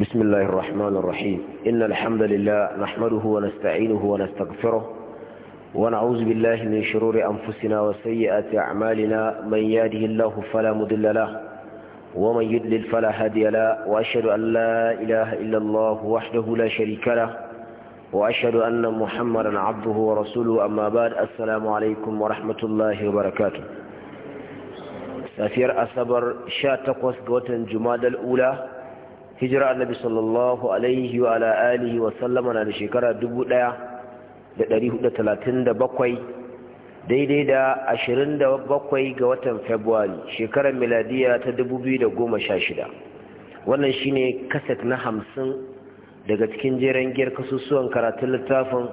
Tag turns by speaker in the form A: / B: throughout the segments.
A: بسم الله الرحمن الرحيم إن الحمد لله نحمده ونستعينه ونستغفره ونعوذ بالله من شرور أنفسنا وسيئات أعمالنا من يهده الله فلا مضل له ومن يضلل فلا هادي له وأشهد أن لا إله إلا الله وحده لا شريك له وأشهد أن محمدا عبده ورسوله أما بعد السلام عليكم ورحمة الله وبركاته سفير أصبر شاتقوس قوة جماد الأولى hijira annabi sallallahu alaihi wa ala alihi wa sallama na da shekara 1437 daidai da 27 ga watan february shekarar miladiya ta 2016 wannan shine kaset na hamsin daga cikin jeren giyar kasusuwan karatun littafin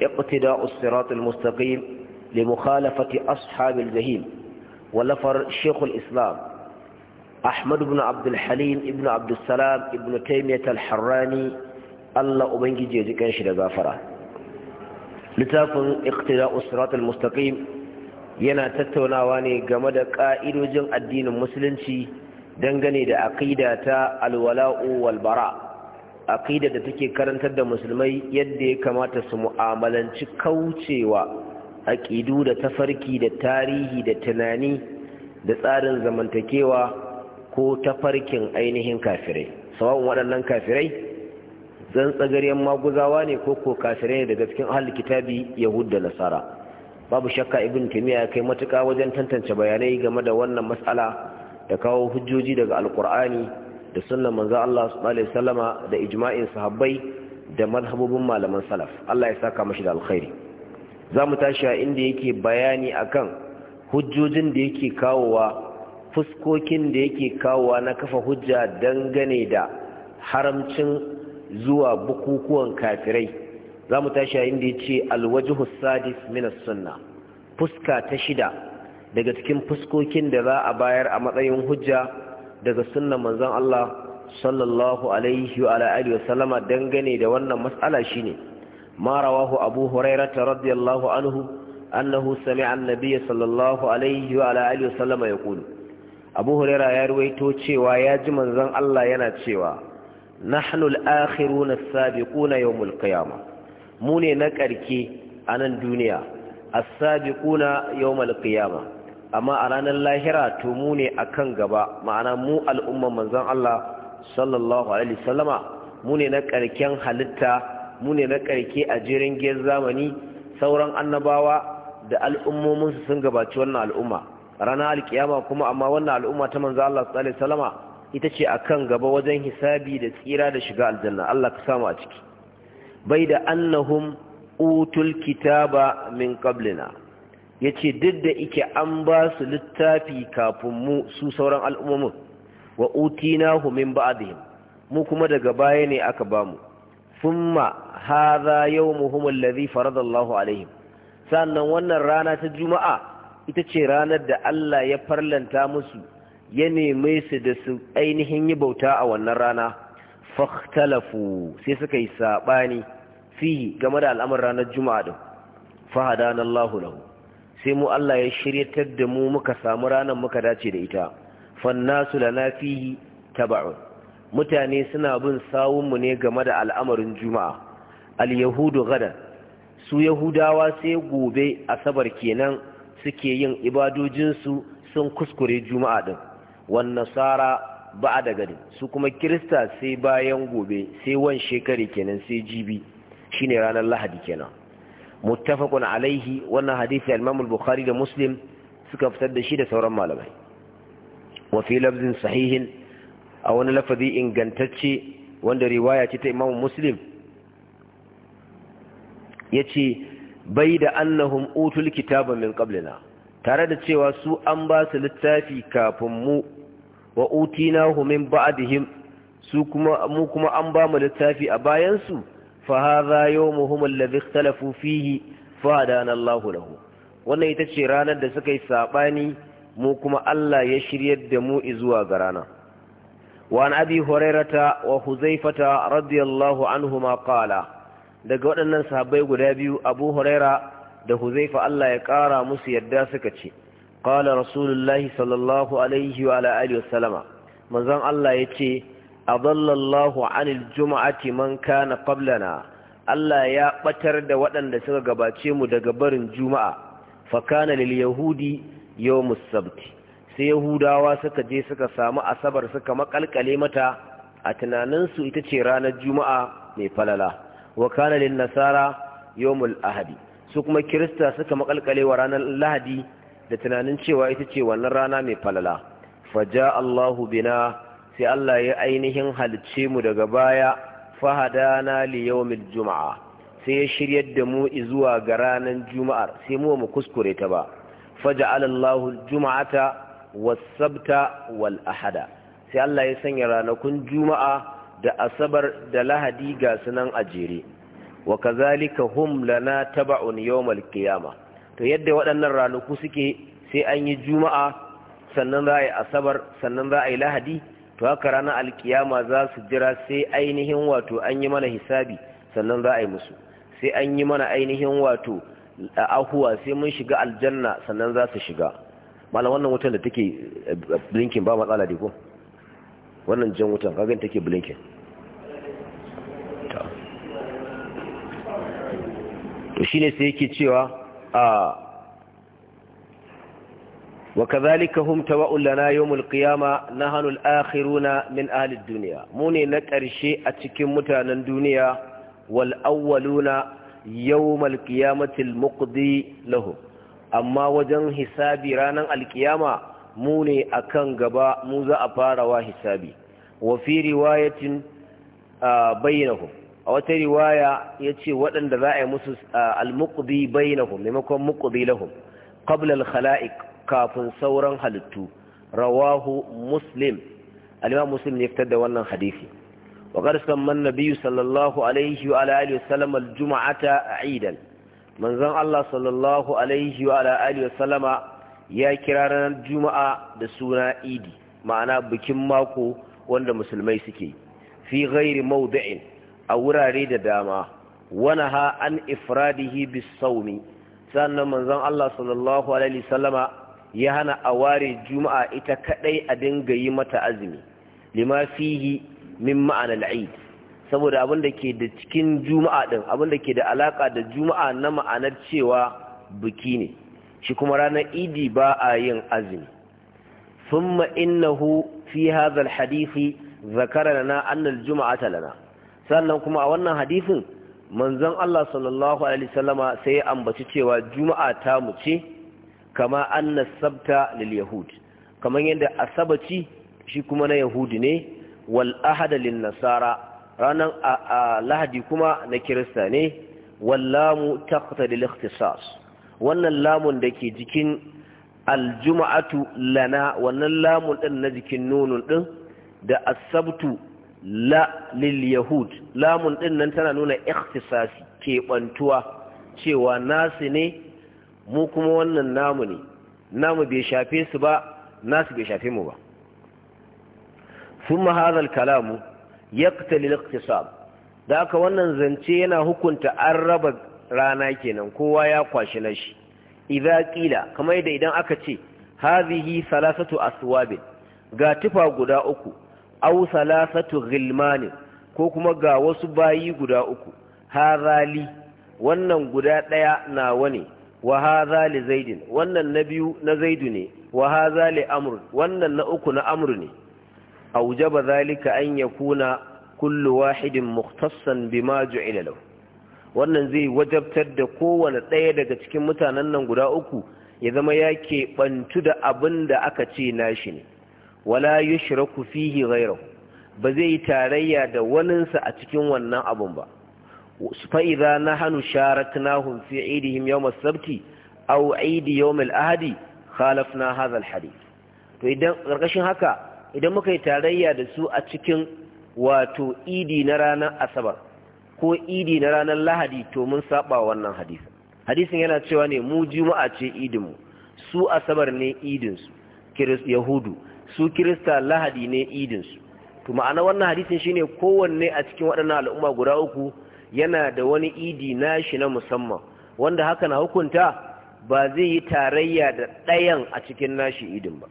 A: iqtida as mustaqim li mukhalafati ashabil jahim wallafar shekul islam Ahmad ibn Abdul Halim ibn Abdul Salam ibn Taymiyyah al Allah ubangije ya ji kanshi da gafara littafin Iqtida'us Siratal Mustaqim yana tattaunawa ne game da ƙa'idodin addinin musulunci dangane da aƙida ta alwala'u walbara aƙida da take karantar da musulmai yadda ya kamata su mu'amalanci kaucewa aƙidu da tafarki da tarihi da tunani da tsarin zamantakewa ko tafarkin ainihin kafirai sawan waɗannan kafirai zan tsagaryen maguzawa ne ko ko kafirai ne daga cikin ahal kitabi yahud da nasara babu shakka ibn timiya ya kai matuƙa wajen tantance bayanai game da wannan matsala da kawo hujjoji daga alkur'ani da sunnan manzo Allah sallallahu alaihi wasallama da ijma'in sahabbai da madhabobin malaman salaf Allah ya saka mashi da alkhairi zamu tashi a inda yake bayani akan hujjojin da yake kawowa fuskokin da yake kawowa na kafa hujja dangane da haramcin zuwa bukukuwan kafirai za mu tashi yayin da ya ce alwajihu sadis minas sunna fuska ta shida daga cikin fuskokin da za a bayar a matsayin hujja daga sunna manzon Allah sallallahu alaihi wa alihi wa sallama dangane da wannan mas'ala shine ma rawahu abu hurairah radiyallahu anhu sami'a an-nabiy sallallahu alaihi wa alihi wa sallama yaqulu abu hurera ya ruwaito cewa ya ji manzon Allah yana cewa na hannun akhiru na sabi kuna yau qiyamah mu ne na karke a nan duniya a sabi kuna yau qiyamah amma a ranar lahira to mu ne akan gaba ma'ana mu al'umman manzon Allah sallallahu alaihi wasallama mu ne na karken halitta mu ne na karke a jirin zamani sauran annabawa da al'ummominsu sun gabaci wannan al'umma ranar alkiyama kuma amma wannan al'umma ta manzo Allah sallallahu alaihi wasallama ita ce akan gaba wajen hisabi da tsira da shiga aljanna Allah ka samu a ciki bai da annahum utul kitaba min qablina yace duk da ike an ba su littafi kafin mu su sauran al'ummomin wa utinahu min ba'dihim mu kuma daga baya ne aka bamu thumma hadha yawmuhum alladhi farada Allahu alaihim sannan wannan rana ta juma'a ita ce ranar da Allah ya farlanta musu ya neme su da su ainihin yi bauta a wannan rana fahtalafu sai suka yi saɓani fihi game da al'amur ranar juma'a da fahada na Allahu sai mu Allah ya shiryatar da mu muka samu ranar muka dace da ita da na fihi taba'un mutane suna bin sawunmu ne game da al'amarin juma'a Al'Yahudu yahudu gada su yahudawa sai gobe asabar kenan suke yin ibadojinsu sun kuskure juma'a din wan nasara ba da gari su kuma kirista sai bayan gobe sai wan shekari kenan sai jibi shine ranar lahadi kenan muttafaqun alaihi wannan hadisi al-imam al-bukhari da muslim suka fitar da shi da sauran malamai wa fi lafzin sahihin a wani lafazi ingantacce wanda riwaya ce ta imam muslim yace bai da annahum utul kitaba min qablina tare da cewa su an ba su littafi kafin mu wa utinahu min ba'dihim su kuma mu kuma an ba mu littafi a bayan su fa hadha yawmuhum alladhi ikhtalafu fihi fa Allahu lahu wannan ita ce ranar da suka yi sabani mu kuma Allah ya shiryar da mu izuwa ga rana wa an abi hurairata wa huzaifata radiyallahu anhuma qala daga waɗannan sahabbai guda biyu abu huraira da huzaifa Allah ya ƙara musu yadda suka ce qala rasulullahi sallallahu alaihi wa ala alihi wasallama manzon Allah yace adallallahu anil jum'ati man kana qablana Allah ya batar da waɗanda suka gabace mu daga barin juma'a fa kana lil yahudi yawmus sabt sai yahudawa suka je suka samu asabar suka makalkale mata a tunaninsu ita ce ranar juma'a mai falala wa kana lin nasara yawmul ahadi su kuma kirista suka makalkale wa ranar lahadi da tunanin cewa ita ce wannan rana mai falala faja Allahu bina sai Allah ya ainihin halicce mu daga baya fahadana li yawmil juma'a sai ya shiryar da mu zuwa ga ranar juma'ar sai mu mu kuskure ta ba Faja Allahu juma'ata was sabta wal ahada sai Allah ya sanya ranakun juma'a da asabar da lahadi ga sunan a jere wa kazalika hum lana taba'un yawmal qiyama to yadda waɗannan ranaku suke sai an yi juma'a sannan za a yi asabar sannan za a yi lahadi to haka ranar alkiyama za su jira sai ainihin wato an yi mana hisabi sannan za a yi musu sai an yi mana ainihin wato ahuwa sai mun shiga aljanna sannan za su shiga malam wannan wutan da take eh, blinkin ba matsala da ko wannan jan wutan kagan take blinken to shine sai yake cewa a wa kadhalika hum tawa'un lana yawmul qiyama nahnu al-akhiruna min ahli ad-dunya mu ne na ƙarshe a cikin mutanen duniya wal awwaluna yawmal qiyamati al-muqdi amma wajen hisabi ranan al-qiyama mu ne akan gaba mu za a farawa hisabi wa fi riwayatin bainahum a wata riwaya yace waɗanda za a yi musu al-muqdi bainahum maimakon muqdi lahum qabla al kafin sauran halittu rawahu muslim al muslim ne fitar da wannan hadisi wa qad samman nabiyyu sallallahu alaihi wa ala alihi wasallam al-jum'ata aidan manzon Allah sallallahu alaihi wa ala alihi wasallama ya kira ranar juma'a da suna idi ma'ana bikin mako wanda musulmai suke fi ghairi mawdi'in a wurare da dama wanaha an ifradihi bis sawmi sannan manzon Allah sallallahu alaihi wasallama ya hana a ware juma'a ita kadai a dinga yi mata azumi lima fihi min ma'anal eid saboda abin da ke da cikin juma'a din abin da ke da alaka da juma'a na ma'anar cewa biki ne shi kuma ranar idi ba a yin azumi thumma innahu fi hadha alhadisi zakarana anna juma'a talana sannan kuma a wannan hadisin manzon Allah sallallahu alaihi wasallama sai ambaci cewa juma'a ta mu ce kama anna sabta lil yahud kamar yadda asabaci shi kuma na yahudi ne wal ahada lin nasara ranan lahadi kuma na kirista ne wallamu taqta lil ikhtisas wannan lamun da ke jikin aljuma'atu lana wannan lamun ɗin na jikin nunun ɗin da asabtu la lil yahud lamun ɗin nan tana nuna ikhtisasi keɓantuwa cewa nasu ne mu kuma wannan namu ne namu bai shafe su ba nasu bai shafe mu ba Sun kalamu kalamu, يقتل الاقتصاد da aka wannan zance yana hukunta an raba rana kenan kowa ya kwashi nashi idza qila kamar da idan aka ce hadhihi salasatu aswabin ga tufa guda uku aw salasatu ghilman ko kuma ga wasu bayi guda uku harali. wannan guda daya nawa ne wa hadha li zaidin wannan na biyu na zaidu ne wa hadha li amr wannan na uku na amr ne aujaba zalika an yakuna kullu wahidin mukhtassan bima ju'ila lahu wannan zai wajabtar da kowane ɗaya daga cikin mutanen nan guda uku ya zama ya keɓantu da abin da aka ce nashi ne wala yushraku fihi ghayruhu ba zai yi tarayya da waninsa a cikin wannan abun ba fa na nahnu sharaknahum fi idihim yawm as-sabti aw eid yawm al-ahadi khalafna na al hari." to idan ƙarƙashin haka idan muka yi tarayya da su a cikin wato idi na ranar asabar ko idi na ranar lahadi to mun saba wannan hadisi. hadisin yana cewa ne mu juma'a ce idinmu su asabar ne idinsu yahudu su kirista lahadi ne idinsu to ma'ana wannan hadisin shine kowanne a cikin waɗannan al'umma guda uku yana da wani idi nashi na musamman wanda haka na hukunta ba zai yi tarayya da ɗayan a cikin nashi idin ba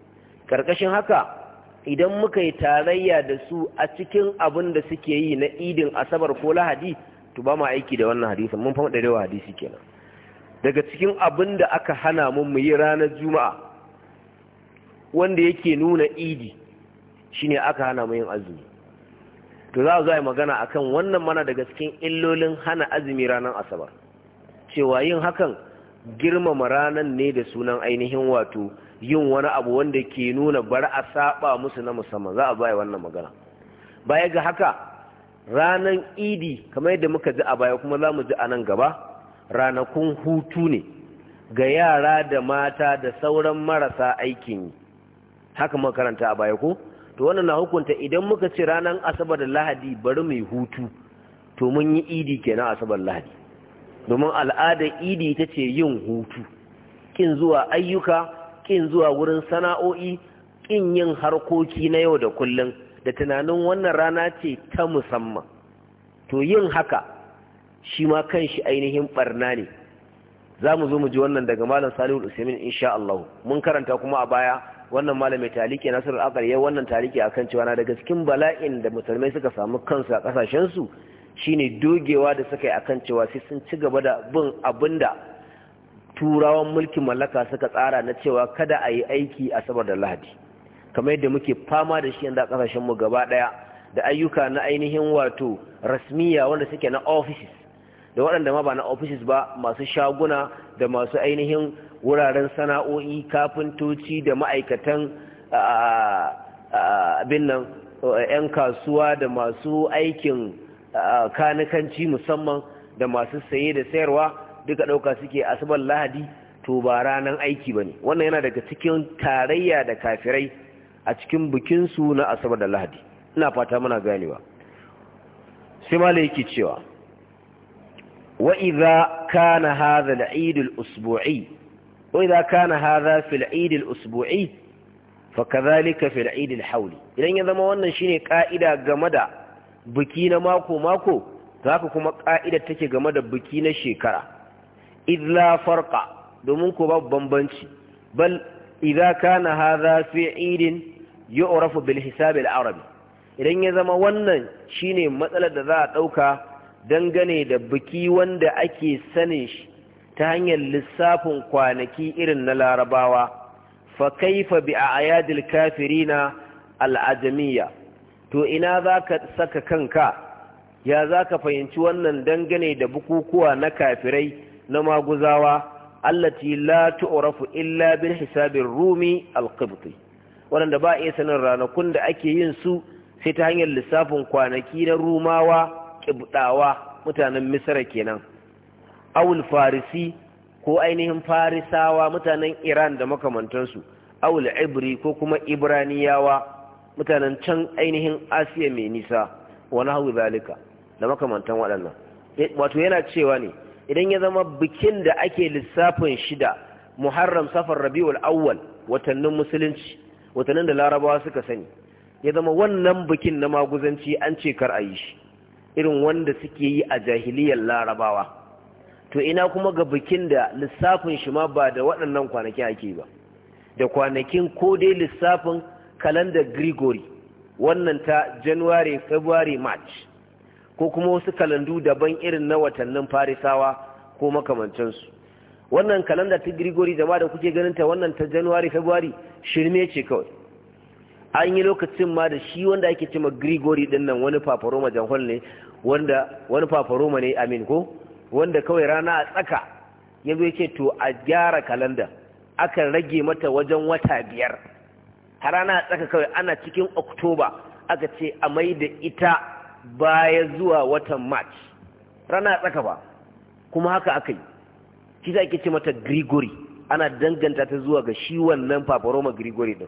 A: karkashin haka idan muka yi tarayya da su a cikin abin da suke yi na idin asabar ko lahadi to ba mu aiki da wannan hadisin mun fama da hadisi kenan daga cikin abin da aka hana mun mu yi ranar juma'a wanda yake nuna idi shine aka hana mu yin azumi to za a yi magana akan wannan mana daga cikin illolin hana azumi ranar asabar cewa yin hakan girmama ranar ne da sunan ainihin wato yin wani abu wanda ke nuna bar a saba musu na musamman za a baya wannan magana baya ga haka ranar idi kamar yadda muka ji a baya kuma za mu ji a nan gaba ranakun hutu ne ga yara da mata da sauran marasa aikin yi haka makaranta a baya ko to wannan na hukunta idan muka ce ranar asabar da lahadi bari mai hutu to mun yi idi kenan asabar lahadi domin al'adar idi ita ce yin hutu kin zuwa ayyuka kin zuwa wurin sana'o'i kin yin harkoki na yau da kullum da tunanin wannan rana ce ta musamman to yin haka shi ma kanshi ainihin barna ne za mu zo mu ji wannan daga malam salihu usaimin insha Allah mun karanta kuma a baya wannan mai taliki nasiru akal ya wannan taliki akan cewa na daga cikin bala'in da musulmai suka samu kansu a kasashen su shine dogewa da suka yi akan cewa sai sun ci gaba da bin abinda turawan mulkin mallaka suka tsara na cewa kada a yi aiki a asabar da lahadi kamar yadda muke fama da shi yanzu a ƙasashenmu gaba ɗaya da ayyuka na ainihin wato rasmiya wanda suke na offices da waɗanda ma ba na offices ba masu shaguna da masu ainihin wuraren sana'o'i kafintoci da ma'aikatan abin nan 'yan kasuwa da masu aikin kanikanci musamman da masu saye da sayarwa duka ɗauka suke asabar lahadi to ba ranar aiki ba ne wannan yana daga cikin tarayya da kafirai a cikin bukinsu na asabar da lahadi ina fata muna ganewa sai ma yake cewa wa'iza kana hadha da eid usbui wa kana haza fi al usbui fa kadhalika fi al idan ya zama wannan shine ka'ida game da biki na mako mako za ka kuma ka'ida take game da biki na shekara idla farqa domin ko babu bambanci bal idza kana hadha fi idin yu'rafu bil hisab al arabi idan ya zama wannan shine matsalar da za a dauka dangane da biki wanda ake sanin shi ta hanyar lissafin kwanaki irin na larabawa fa kaifa bi a'yadil kafirina al ajamiya to ina zaka saka kanka ya zaka fahimci wannan dangane da bukukuwa na kafirai na maguzawa allati la tu'rafu illa bil hisabir rumi al-qibti wanda ba iya sanin ranakun da ake yin su sai ta hanyar lissafin kwanaki na rumawa kibdawa mutanen misra kenan awul farisi ko ainihin farisawa mutanen iran da makamantansu awul ibri ko kuma ibraniyawa mutanen can ainihin asiya mai nisa wani hau zalika da makamantan waɗannan wato yana cewa ne idan ya zama bikin da ake lissafin shida muharram safar rabi'ul awwal watannin musulunci watannin da larabawa suka sani ya zama wannan bikin na maguzanci an ce kar a yi shi irin wanda suke yi a jahiliyar larabawa to ina kuma ga bikin da lissafin shi ma ba da waɗannan kwanaki ake ba da kwanakin ko dai lissafin kalandar Grigori, wannan ta january february march ko kuma wasu kalandu daban irin na watannin farisawa ko makamancinsu wannan kalanda ta grigori jama'a da kuke ganin ta wannan ta januwari february shirme ce kawai an yi lokacin ma da shi wanda ake cima grigori din nan wani fafaroma janhol ne wanda wani fafaroma ne amin ko wanda kawai rana a tsaka ya zo ce to a gyara kalanda aka rage mata wajen wata biyar A rana a tsaka kawai ana cikin oktoba aka ce a mai da ita baya zuwa watan march rana tsaka ba kuma haka aka yi shi za ake ce mata grigori ana danganta ta zuwa ga shi wannan paparoma grigori din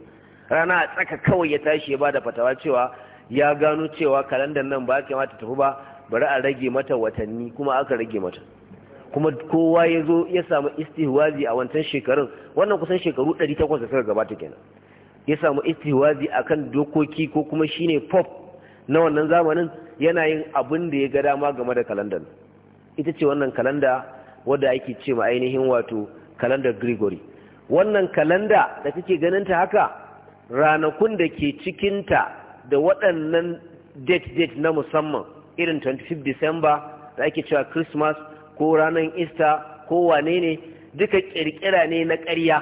A: rana tsaka kawai ya tashi ya bada fatawa cewa ya gano cewa kalandar nan ba mata tafi ba bari a rage mata watanni kuma aka rage mata kuma kowa ya zo ya samu istihwazi a wancan shekarun wannan kusan shekaru 800 da suka gabata kenan ya samu istihwazi akan dokoki ko kuma shine pop na wannan zamanin yana yin abin da ya ga dama game da kalandar ita ce wannan kalanda wadda ake ce ma ainihin wato kalandar Gregory wannan kalanda da kake ganin ta haka ranakun da ke cikinta da waɗannan date date na musamman irin 25 December da ake cewa Christmas ko ranar Easter ko wane ne duka ƙirƙira ne na ƙarya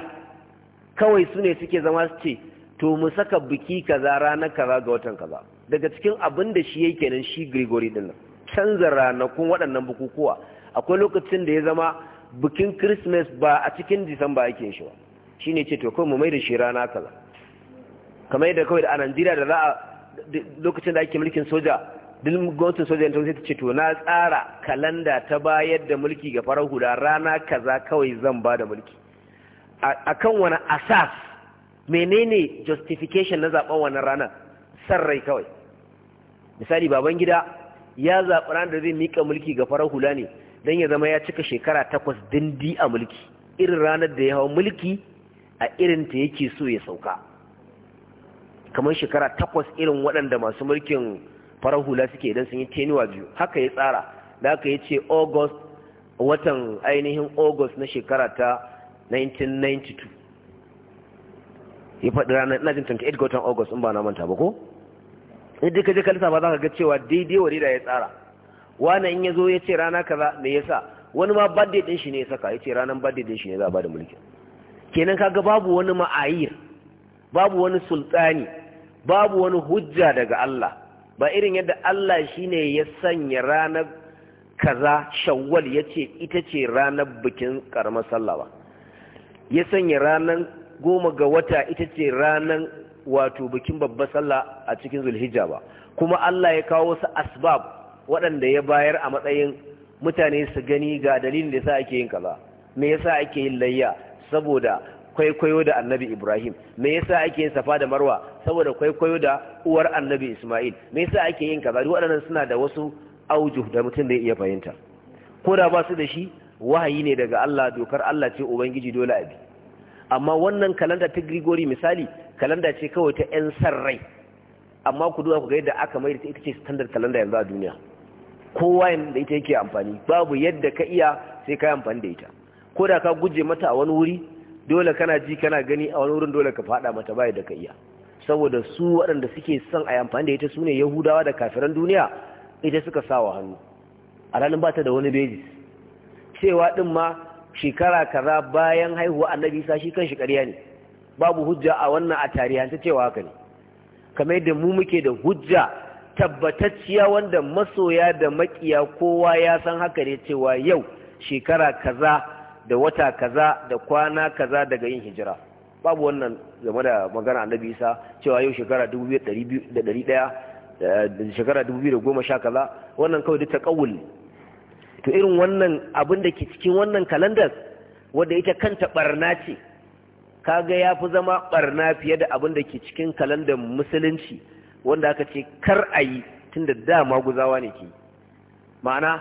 A: kawai su ne suke zama su ce to mu saka biki kaza ranar kaza ga watan kaza daga cikin abin da shi yake nan shi Gregory din nan canza ranakun waɗannan bukukuwa akwai lokacin da ya zama bikin Christmas ba a cikin Disamba yake shi ba shine ce to kai mu mai shi rana kaza kamar yadda kawai a Najeriya da za a lokacin da ake mulkin soja din gwamnatin soja ta sai ta ce to na tsara kalanda ta bayar da mulki ga farar hula rana kaza kawai zan ba da mulki akan wani asas menene justification na zaɓen wannan ranar san rai kawai misali baban gida ya zaɓi ranar da zai miƙa mulki ga farar hula ne don ya zama ya cika shekara takwas dindi a mulki irin ranar da ya hau mulki a irin ta yake so ya sauka kamar shekara takwas irin waɗanda masu mulkin farar hula suke idan sun yi tenuwa biyu haka ya tsara da haka ya ce august watan ainihin august na shekara ta 1992 ya faɗi ranar ina jin 28 ga watan august in ba na manta ba ko idan ka je ka ba za ka ga cewa daidai wa da ya tsara wani in ya zo ya ce rana kaza me yasa wani ma birthday din shi ne ya saka ya ce ranar birthday din shi ne za a bada mulkin kenan kaga babu wani ma'ayir babu wani sultani babu wani hujja daga Allah ba irin yadda Allah shine ya sanya ranar kaza shawwal ya ce ita ce ranar bikin karamar sallah ba ya sanya ranar goma ga wata ita ce ranar wato bikin babbar sallah a cikin zulhijja ba kuma Allah ya kawo wasu asbab waɗanda ya bayar a matsayin mutane su gani ga dalilin da yasa ake yin kaza me yasa ake yin layya saboda kwaikwayo da annabi Ibrahim me yasa ake yin safa da marwa saboda kwaikwayo da uwar annabi Ismail me yasa ake yin kaza waɗannan suna da wasu auju da mutum da iya fahimta ko da ba su da shi wahayi ne daga Allah dokar Allah ce ubangiji dole a bi. amma wannan kalanda ta grigori misali kalanda ce kawai ta 'yan sarrai amma ku duba ku ga yadda aka mai ita ce standard kalanda yanzu a duniya kowa da ita yake amfani babu yadda ka iya sai ka yi amfani da ita ko da ka guje mata a wani wuri dole kana ji kana gani a wani wurin dole ka fada mata baya da ka iya saboda su waɗanda suke son a yi amfani da ita sune ne yahudawa da kafiran duniya ita suka sa wa hannu a ranar ba ta da wani bejis cewa ɗin ma shekara kaza bayan haihuwa annabi isa shi kanshi ƙarya ne babu hujja a wannan a tarihi ta cewa haka ne kamar yadda mu muke da hujja tabbatacciya wanda masoya da makiya kowa ya san haka ne cewa yau shekara kaza da wata kaza da kwana kaza daga yin hijira babu wannan game da magana annabi isa cewa yau shekara 2100 da eh, shekara 2010 kaza wannan kawai duk taƙawul to irin wannan abin da ke cikin wannan kalandar wadda ita kanta barna ce kaga ya fi zama barna fiye da abin da ke cikin kalandar musulunci wanda aka ce kar a yi tun da dama guzawa ne ke ma'ana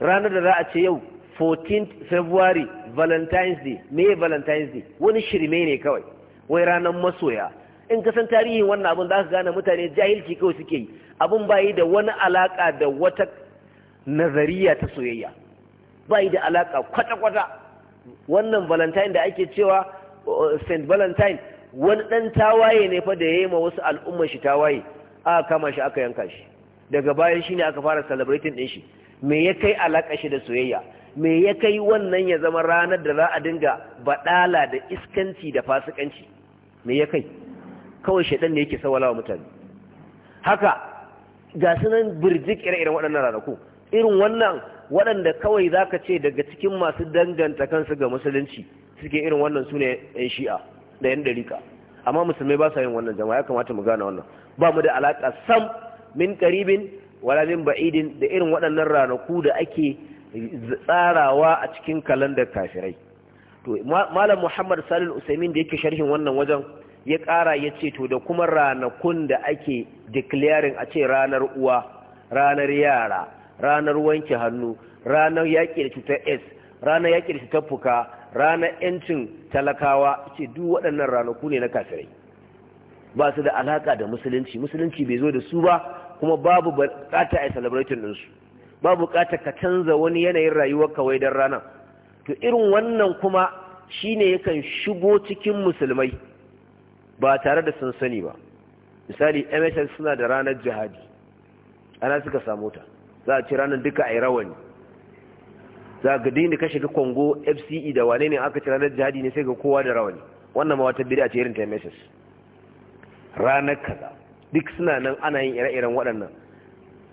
A: ranar da za a ce yau 14th february valentine's day me valentine's day wani shirme ne kawai wai ranar masoya in kasan tarihin wannan abin za ka gane mutane jahilci kawai suke yi abin bayi da wani alaka da wata nazariya ta soyayya ba yi da alaka kwata-kwata wannan valentine da ake cewa uh, st valentine wani ɗan tawaye ne fa da ya yi ma wasu al'ummar shi tawaye aka kama shi aka yanka shi daga bayan shi ne aka fara celebrating ɗin shi me ya kai alaƙa shi da soyayya me ya kai wannan ya zama ranar da za a dinga baɗala da iskanci da fasikanci me ya kai kawai shaɗan ne yake sawala wa mutane haka ga sunan birjik ire-iren waɗannan ranaku irin wannan waɗanda kawai za ka ce daga cikin masu danganta kansu ga musulunci suke irin wannan su ne 'yan shi'a da 'yan ɗarika amma musulmai ba sa yin wannan jama'a ya kamata mu gane wannan ba mu da alaƙa sam min ƙaribin wala min ba'idin da irin waɗannan ranaku da ake tsarawa a cikin kalandar kafirai to malam muhammad salil usaimin da yake sharhin wannan wajen ya ƙara ya ce to da kuma ranakun da ake declaring a ce ranar uwa ranar yara ranar wanke hannu ranar yaƙi da cutar s ranar yaƙi da cutar fuka ranar yancin talakawa ce duk waɗannan ranaku ne na kafirai ba su da alaƙa da musulunci musulunci bai zo da su ba kuma babu buƙata a celebrating ɗinsu babu buƙata ka canza wani yanayin rayuwa kawai don rana to irin wannan kuma shi ne yakan shigo cikin musulmai ba tare da sun sani ba misali mss suna da ranar jihadi ana suka samu ta za a ci ranar duka a yi rawani za a ga kashe ka kongo fce da wane ne aka ci ranar jihadi ne sai ga kowa da rawani wannan ma wata biri a irin ta ranar kaza duk suna nan ana yin ire-iren waɗannan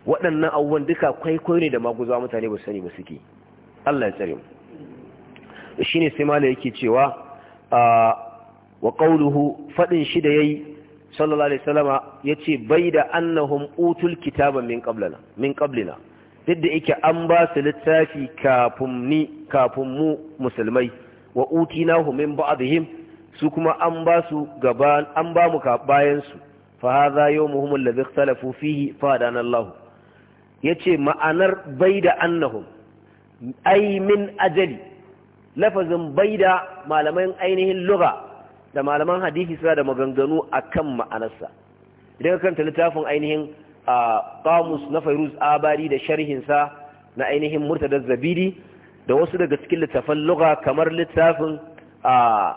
A: waɗannan abubuwan duka kwaikwayo ne da maguzawa mutane ba sani ba suke allah ya tsare mu shi ne sai mala yake cewa ah, wa ƙauluhu faɗin shi da ya yi sallallahu alaihi wasallama yace bai da annahun utul kitaba min qablana duk da yake an ba su littafi kafin ni kafin mu musulmai wa utinahu min ba'dihim su kuma an ba su gaban an ba mu bayan su fa hadha yawmuhum alladhi ikhtalafu fihi fa dana Allah yace ma'anar bai da annahum ai min ajali lafazin baida malaman ainihin lugha da malaman hadisi suna da maganganu a kan ma'anarsa idan ka kanta littafin ainihin qamus na Fairuz Abari da sharhinsa na ainihin murtadar Zabidi da wasu daga cikin littafan lugha kamar littafin a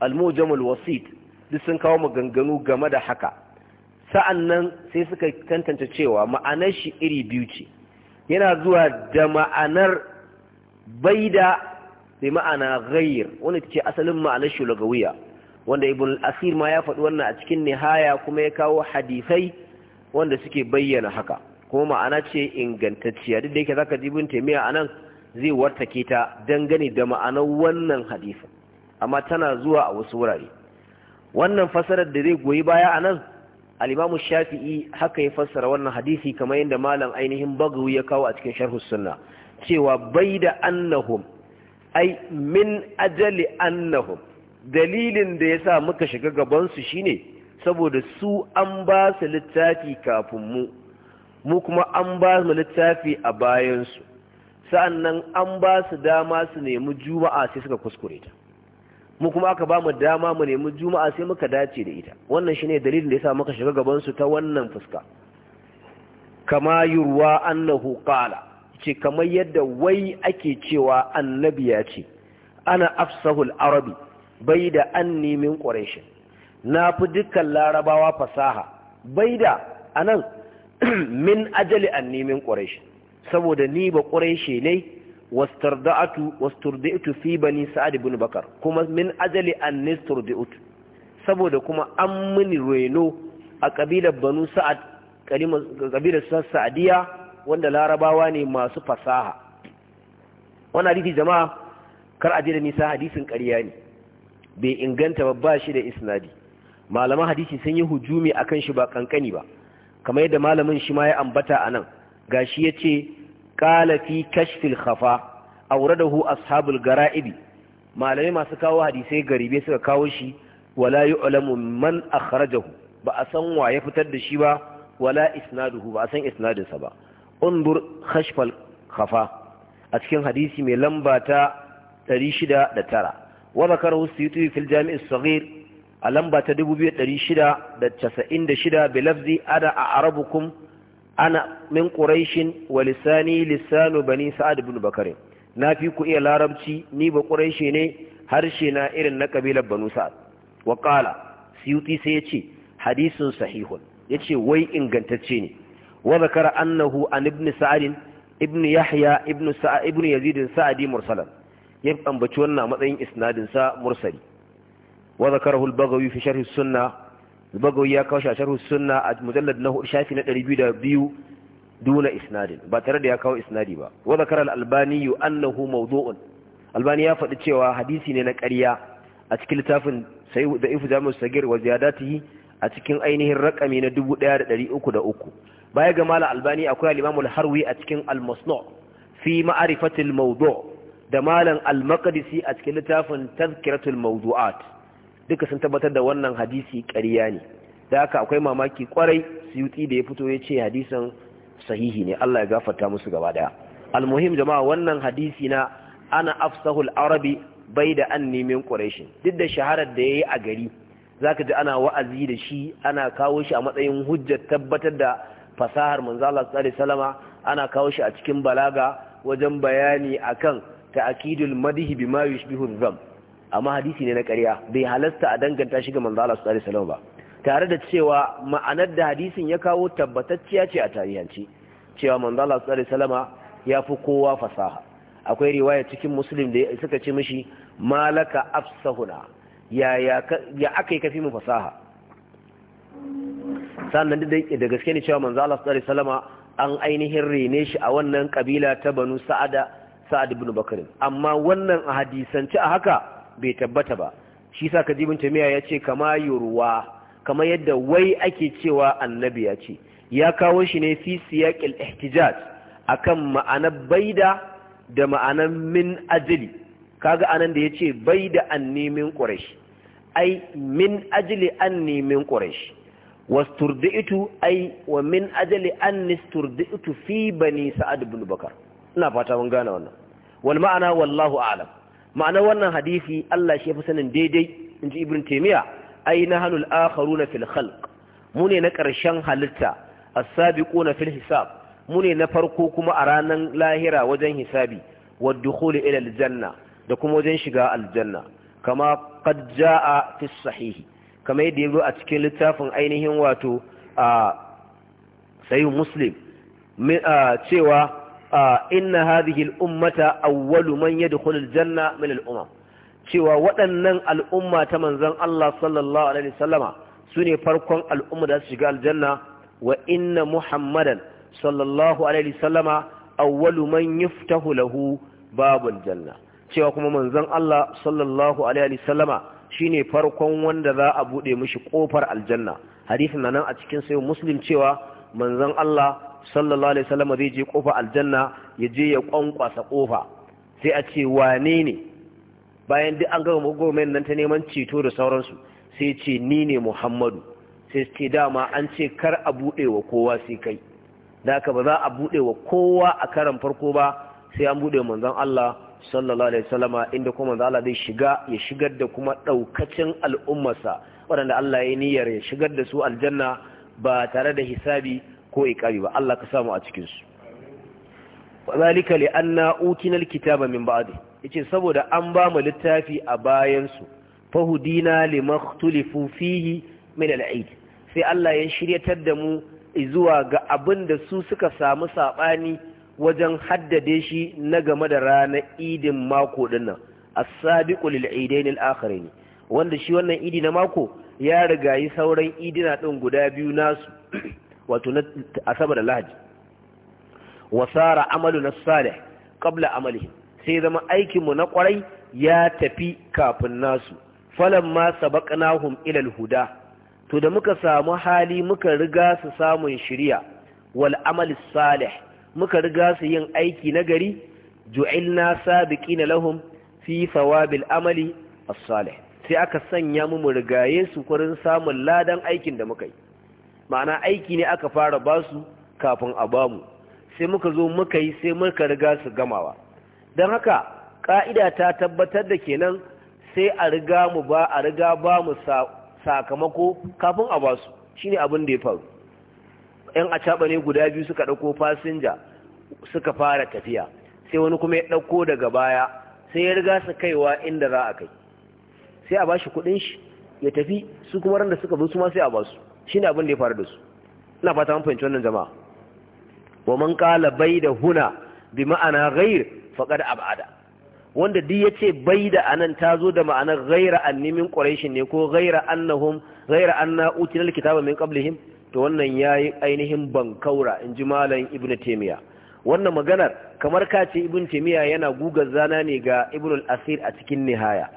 A: almujamul Wasit duk sun kawo maganganu game da haka sa'an nan sai suka tantance cewa ma'anar shi iri biyu ce yana zuwa da ma'anar baida bi ma'ana ghayr wani ce asalin ma'anar shi lagawiya wanda ibn asir ma ya faɗi wannan a cikin nihaya kuma ya kawo hadisai wanda suke bayyana haka kuma ma'ana ce ingantacciya duk da yake zaka ji ibn taymiya anan zai wartake ta dangane da ma'anar wannan hadisin amma tana zuwa a wasu wurare wannan fasarar da zai goyi baya anan al-imam shafi'i haka ya fassara wannan hadisi kamar yadda malam ainihin bagawi ya kawo a cikin sharhus sunna cewa bai da annahum ai min ajali annahum dalilin da ya sa muka shiga gabansu shine saboda su an ba su littafi kafin mu mu kuma an ba mu littafi a bayansu sa'annan an ba su dama su nemi juma'a sai suka kuskure ta mu kuma aka ba mu dama mu nemi juma'a sai muka dace da ita wannan shine dalilin da ya sa muka shiga gabansu ta wannan fuska kama yurwa annahu qala ce kamar yadda wai ake cewa annabi ya ce ana afsahul arabi bai da an nemin ƙwarashi na fi dukkan larabawa fasaha bai da a nan min ajali an nemin ƙwarashi saboda ni ba ƙwarashi ne wasturdi'tu fi bani sa'ad ibn bakar kuma min ajali an nisturdi'tu saboda kuma an mini reno a ƙabilar banu sa'ad ƙabilar sa'adiya wanda larabawa ne masu fasaha Wani hadisi jama'a kar a je da nisa hadisin ƙarya ne bai inganta ba ba shi da isnadi malaman hadisi sun yi hujumi a kan shi ba kankani ba kamar yadda malamin shi ma ya ambata a nan ga shi ya ce, ƙalafi kashfil khafa da hu ashabul garaibi malamai masu kawo hadisai garibe suka kawo shi wala yi yu'lamu man akhrajahu ba a san wa ya fitar da shi ba wala isnaduhu ba a san isnadinsa ba undur kashfal khafa a cikin hadisi mai lamba ta 609 وذكره السيوطي في الجامع الصغير ألمبا تدبو بيت لريشدا دتسعين دشدا بلفظ أنا أعربكم أنا من قريش ولساني لسان بني سعد بن بكر نافيكو إيه لاربتي نيبو قريشي ني هرشنا إرن نكبيل بنو سعد وقال سيوطي سيتي حديث صحيح يتي وي إنغنتتيني وذكر أنه عن ابن سعد ابن يحيى ابن, سع... ابن يزيد سعدي مرسلا ya ambaci wannan matsayin isnadin sa mursali wa zakarahu al fi sharh as al ya kawo sharh as-sunnah a mujallad na shafi na 202 duna isnadin ba tare da ya kawo isnadi ba wa zakara al-albani annahu mawdu'un albani ya faɗi cewa hadisi ne na ƙarya a cikin littafin sai da ifu jami'u sagir wa ziyadatihi a cikin ainihin rakami na 1303 baya ga mala albani akwai al-imam harwi a cikin al-masnu' fi ma'rifatil mawdu' da malam al-maqdisi a cikin littafin tazkiratul mawdu'at duka sun tabbatar da wannan hadisi ƙarya ne da haka akwai mamaki kwarai suyuti da ya fito ya ce hadisin sahihi ne Allah ya gafarta musu gaba daya almuhim jama'a wannan hadisi na ana afsahul arabi bai da an nemin quraish duk da shaharar da yayi a gari zaka ji ana wa'azi da shi ana kawo shi a matsayin hujjar tabbatar da fasahar manzo Allah sallallahu alaihi wasallama ana kawo shi a cikin balaga wajen bayani akan ta'kidul madhi bima yushbihu dham amma hadisi ne na ƙarya bai halasta a danganta shi ga manzo Allah sallallahu alaihi wasallam ba tare da cewa ma'anar da hadisin ya kawo tabbatacciya ce a tarihanci cewa manzo Allah sallallahu alaihi wasallam ya fi kowa fasaha akwai riwaya cikin muslim da suka ce mishi malaka afsahuna ya ya ya akai kafi mu fasaha sannan da gaske ne cewa manzo Allah sallallahu alaihi wasallam an ainihin rene shi a wannan kabila ta banu sa'ada sa'ad ibn Bakarin, amma wannan a hadisanci a haka bai tabbata ba shi sa ka kadibin tamiya ya ce kama yurwa kama yadda wai ake cewa annabi ya ce ya kawo shi ne fi siyaqil ihtijaj kan ma'anar baida da ma'anar min ajili kaga anan da ya yace baida nemin quraish ai min ajli annimin quraish wasturditu ai wa min ajali an nisturditu fi bani sa'ad ibn Bakar. ina fata mun gane wannan wal ma'ana wallahu a'lam ma'ana wannan hadisi Allah shi ya fi sanin daidai inji ibrin taimiya ai ay nahanul akharuna fil khalq mu ne na karshen halitta as-sabiquna fil hisab mu ne na farko kuma a ranar lahira wajen hisabi wad dukhul ila aljanna da kuma wajen shiga aljanna kama qad jaa fi sahihi kama yadda yazo a cikin littafin ainihin wato a sayyid muslim cewa inna hadhihi al-ummata awwalu man yadkhulu al-janna min al-umam cewa waɗannan al'umma ta manzon Allah sallallahu alaihi wasallama sune farkon al'umma da su shiga aljanna wa inna muhammadan sallallahu alaihi wasallama awwalu man yuftahu lahu babul janna cewa kuma manzon Allah sallallahu alaihi wasallama shine farkon wanda za a bude mishi kofar aljanna hadisin nan a cikin sayo muslim cewa manzon Allah sallallahu alaihi wasallam zai je kofa aljanna ya je ya kwankwasa kofa sai a ce wane ne bayan duk an gama gwamnati nan ta neman ceto da sauransu sai ce ni ne Muhammadu sai ce dama an ce kar a buɗe wa kowa sai kai da haka ba za a buɗe wa kowa a karan farko ba sai an buɗe manzon Allah sallallahu alaihi wasallam inda kuma manzon Allah zai shiga ya shigar da kuma daukacin al'ummarsa waɗanda Allah ya niyyar ya shigar da su aljanna ba tare da hisabi ko iqabi ba Allah ka samu a cikin su wazalika li anna utina alkitaba min ba'di yace saboda an ba mu littafi a bayan su fahudina limaktulifu fihi min al'id sai Allah ya shiryatar da mu zuwa ga abin da su suka samu sabani wajen haddade shi na game da ranar idin mako dinnan as-sabiqu lil al akhirin wanda shi wannan idi na mako ya rigayi sauran idina din guda biyu nasu wato na asabar lahadi wasara amalu na salih kabla amali. sai zama aikinmu na kwarai ya tafi kafin nasu falan ma sabaqnahum ilal huda. to da muka samu hali muka riga su samun shiriya wal amal salih muka riga su yin aiki na gari ju'ilna sabiqina lahum fi thawabil amali as-salih sai aka sanya mu mu rigaye su kurin samun ladan aikin da muka yi ma'ana aiki ne aka fara basu kafin a bamu sai muka zo muka yi sai muka riga su gamawa don haka ƙa'ida ta tabbatar da kenan sai a riga mu ba a riga ba mu sakamako kafin a basu ne abin da ya faru yan a ne guda biyu suka ɗauko fasinja suka fara tafiya sai wani kuma ya ɗauko daga baya sai ya riga su kaiwa inda za a kai sai a ba shi kuɗin shi ya tafi su kuma randa suka bin su ma sai a basu shi ne abin da ya faru da su ina fata mun fahimci wannan jama'a wa man qala da huna bi ma'ana ghair faqad ab'ada wanda duk yace da anan tazo da ma'anar ghaira annimin quraish ne ko ghaira annahum na anna utina alkitaba min qablihim to wannan yayi ainihin bankaura ji malam ibnu taymiya wannan maganar kamar ka ce ibn taymiya yana gugar zana ne ga ibn al-asir a cikin nihaya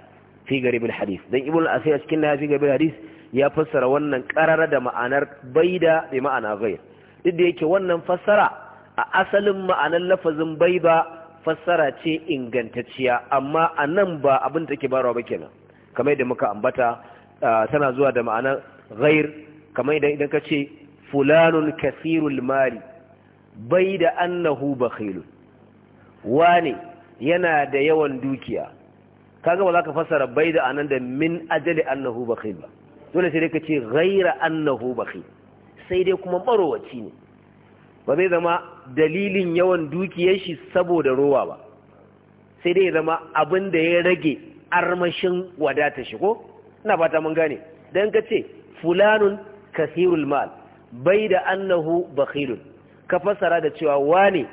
A: fi garib hadis, hadith dan ibn al-asir a cikin nihaya fi garib hadis. hadith ya fassara wannan ƙarara da ma'anar baida bi ma'ana ghair duk da yake wannan fassara a asalin ma'anar lafazin baiba fassara ce ingantacciya amma a nan ba abin da take barawa ba kenan kamar yadda muka ambata tana zuwa da ma'anar gair kamar idan idan ka ce fulanun kasirul mali baida annahu bakhilun wane yana da yawan dukiya kaga ba za ka fassara baida anan da min ajali annahu bakhil ba dole sai dai ka ce ghaira annahu bakhil sai dai kuma marowaci ne ba zai zama dalilin yawan dukiyar shi saboda rowa ba sai dai zama abin da ya rage armashin wadata shi ko ina fata mun gane dan ka ce fulanun kasirul mal bai da annahu bakhilun ka fassara da cewa wane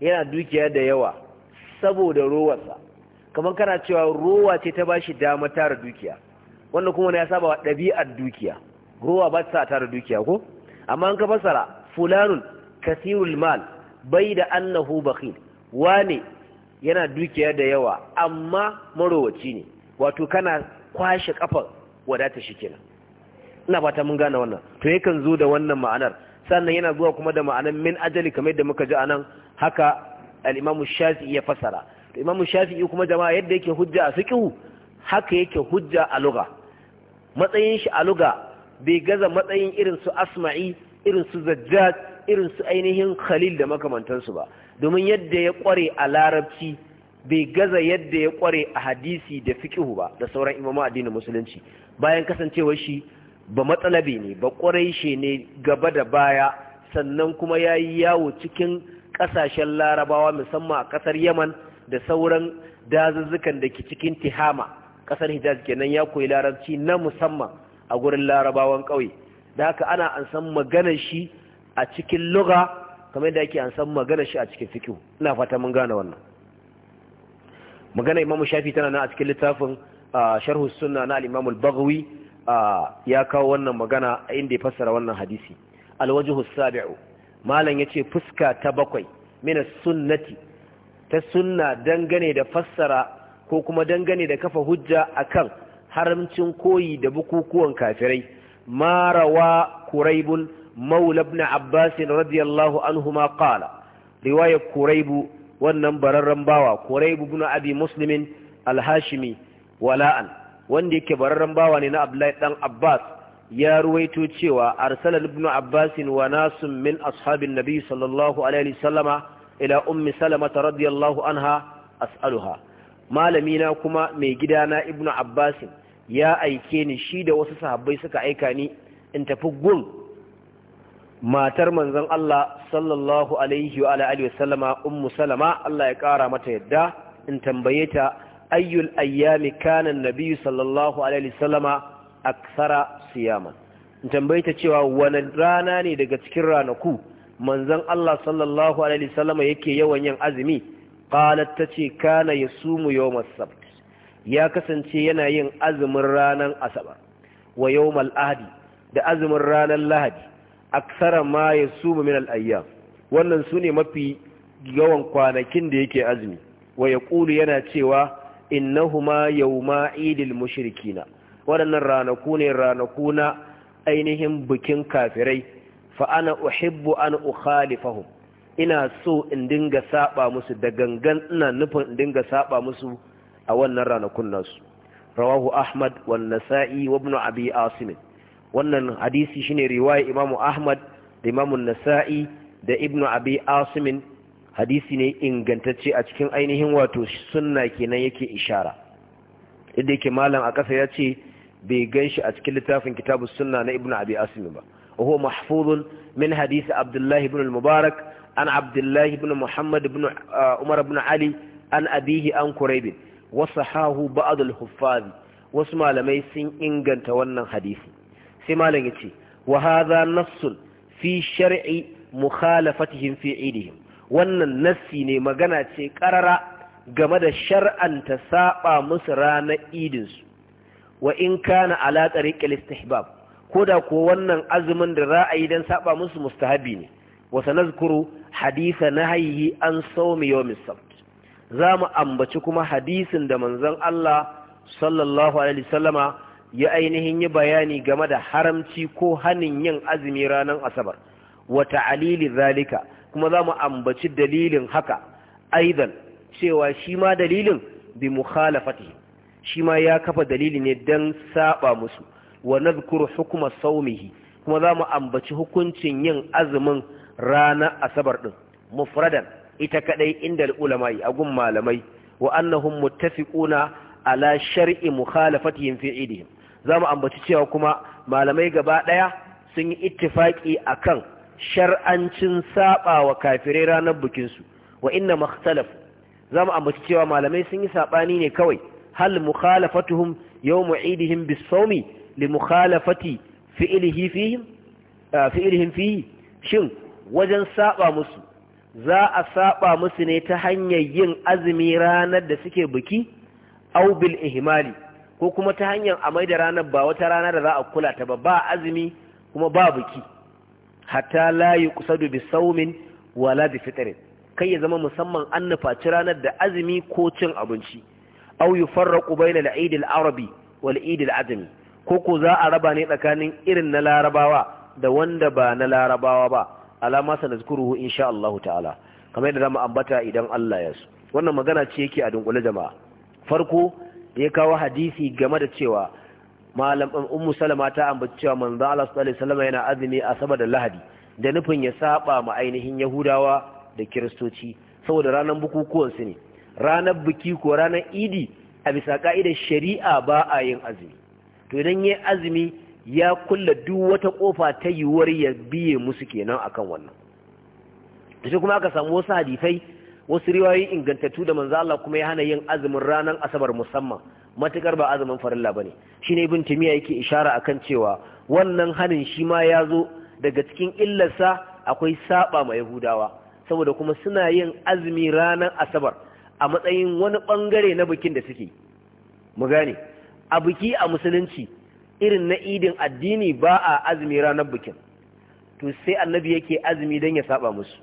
A: yana dukiya da yawa saboda rowarsa kamar kana cewa rowa ce ta bashi dama tara dukiya wannan kuma ya saba wa ɗabi'ar dukiya ruwa ba ta tara dukiya ko amma an ka fasara fulanun kasirul mal bai da annahu bakhil wane yana dukiya da yawa amma marowaci ne wato kana kwashe kafa wadata shi kenan ina fata mun gane wannan to yakan zo da wannan ma'anar sannan yana zuwa kuma da ma'anar min ajali kamar yadda muka ji anan haka al-Imam Shafi'i ya fasara to imamu Shafi'i kuma jama'a yadda yake hujja a fiqh haka yake hujja a lugha matsayin shi a luga bai gaza matsayin irin su asma'i irin su zajjad irin su ainihin khalil da makamantansu ba domin yadda ya kware a larabci bai gaza yadda ya kware a hadisi da fiqhu ba da sauran imamu addinin musulunci bayan kasancewar shi ba matsalabe ne ba kwarai shi ne gaba da baya sannan kuma ya yi yawo cikin kasashen larabawa musamman a kasar yaman da sauran dazuzzukan da ke cikin tihama kasar hijaz kenan ya koyi larabci na musamman a gurin larabawan ƙauye da haka ana an san maganar shi a cikin lugha kamar da yake an san maganar shi a cikin fikihu ina fata mun gane wannan magana imamu shafi tana nan a cikin littafin sharhu sunna na Alimamul Bagwi. al ya kawo wannan magana a inda ya fassara wannan hadisi al-wajhu as-sabi'u malam yace fuska ta bakwai mina sunnati ta sunna dangane da fassara ko kuma dangane da kafa hujja akan haramcin koyi da bukukuwan kafirai marawa kuraibun maula ibn abbas radiyallahu anhuma kala, riwaya kuraibu wannan bararren bawa kuraibu buna abi muslimin al wala'an wanda yake bararren bawa ne na abdullahi dan abbas ya ruwaito cewa arsala ibn abbas wa nasun min ashabin nabi sallallahu alaihi wasallama ila ummi salama radiyallahu anha as'aluha malami na kuma mai gida na ibnu abbasin ya aike ni shi da wasu sahabbai suka aika ni in tafi gun matar manzon Allah sallallahu alaihi wa alihi wa ummu salama Allah ya kara mata yadda in tambaye ta ayyul ayyami kana nabiyyu sallallahu alaihi wa sallama aksara siyama in tambaye ta cewa wani rana ne daga cikin ranaku manzon Allah sallallahu alaihi wa yake yawan yin azumi qalat tace kana yasumu yawm sabt ya kasance yana yin azumin ranar asabar wa yawmal ahadi da azumin ranar lahadi aksara ma yasumu min al-ayyam wannan sune mafi yawan kwanakin da yake azumi wa yaqulu yana cewa innahuma yawma idil mushrikina waɗannan ranaku ne ranaku na ainihin bikin kafirai fa ana uhibbu an ukhalifahum ina so in dinga saba musu da gangan ina nufin in dinga saba musu a wannan ranakun nasu rawahu ahmad wa nasa'i wa ibn abi asim wannan hadisi shine riwaya imamu ahmad da imamu nasa'i da ibn abi asim hadisi ne ingantacce a cikin ainihin wato sunna kenan yake ishara inda yake malam a ƙasa ya ce bai ganshi a cikin littafin kitabus sunna na ibn abi asim ba وهو محفوظ من hadisi Abdullahi الله بن المبارك an abdullahi ibn muhammad umar ibn ali an abihi an kuraibin wasu hahu ba'adul huffazi wasu malamai sun inganta wannan hadisi sai malam ya ce wa hadha nassun fi shar'i mukhalafatihim fi idihim wannan nassi ne magana ce karara game da shar'anta saba musu ranar idinsu wa in kana ala tariqil istihbab koda ko wannan azumin da ra'ayi dan saɓa musu mustahabi ne wa sanazkuru Hadisa na haihi an sawmi yawmis sabt mu ambaci kuma hadisin da manzon Allah sallallahu alaihi wasallama ya ainihin yi bayani game da haramci ko hanin yin azumi ranar asabar wata alili zalika kuma za mu ambaci dalilin haka aidan cewa shi ma dalilin bi mukhalafati shi ma ya kafa dalili ne don saba musu wa nadhkuru hukuma saumihi kuma za mu ambaci hukuncin yin azumin ranar asabar ɗin, mufradan ita kaɗai inda ulama'i a gun malamai wa annahum muttafiquna ala shar'i mukhalafatihim fi idihim mu ambaci cewa kuma malamai gaba ɗaya sun yi ittifaqi akan shar'ancin saba wa kafirai ranar bikin su wa inna za mu ambaci cewa malamai sun yi saɓani ne kawai hal mukhalafatuhum yawm idihim bis li mukhalafati fi'lihi fihim fi'lihim fi? shin wajen saba musu za a saba musu ne ta hanyar yin azumi ranar da suke biki au bil ihmali ko kuma ta hanyar amai da ranar ba wata rana da za a kula ta ba ba azumi kuma ba biki hatta la yuqsadu bi saumin wala bi fitrin kai ya zama musamman an nufaci ranar da azumi ko cin abinci au yufarraqu bayna al-eid al-arabi wal eid al-adami ko ko za a raba ne tsakanin irin na larabawa da wanda ba na larabawa ba alama kuruhu insha Allah ta'ala kamar yadda zamu ambata idan Allah ya so wannan magana ce yake a dunkule jama'a farko ya kawo hadisi game da cewa malam ummu salama ta ambaci cewa manzo Allah sallallahu alaihi wasallam yana azumi a saboda lahadi da nufin ya saba ma ainihin yahudawa da kiristoci saboda ranar bukukuwan su ne ranar biki ko ranar idi a bisa ka'idar shari'a ba a yin azumi to idan yayi azumi ya kulle duk wata kofa ta yiwuwar ya biye musu kenan akan wannan shi kuma aka samu wasu hadisai wasu riwayoyi ingantattu da manzo Allah kuma ya hana yin azumin ranar asabar musamman matukar ba azumin farilla bane shine ibn timiya yake ishara akan cewa wannan hanin shi ma ya zo daga cikin illarsa akwai saba ma yahudawa saboda kuma suna yin azumi ranar asabar a matsayin wani bangare na bikin da suke mu gane a biki a musulunci irin na idin addini ba a azumi ranar bikin to sai annabi yake azumi don ya saba musu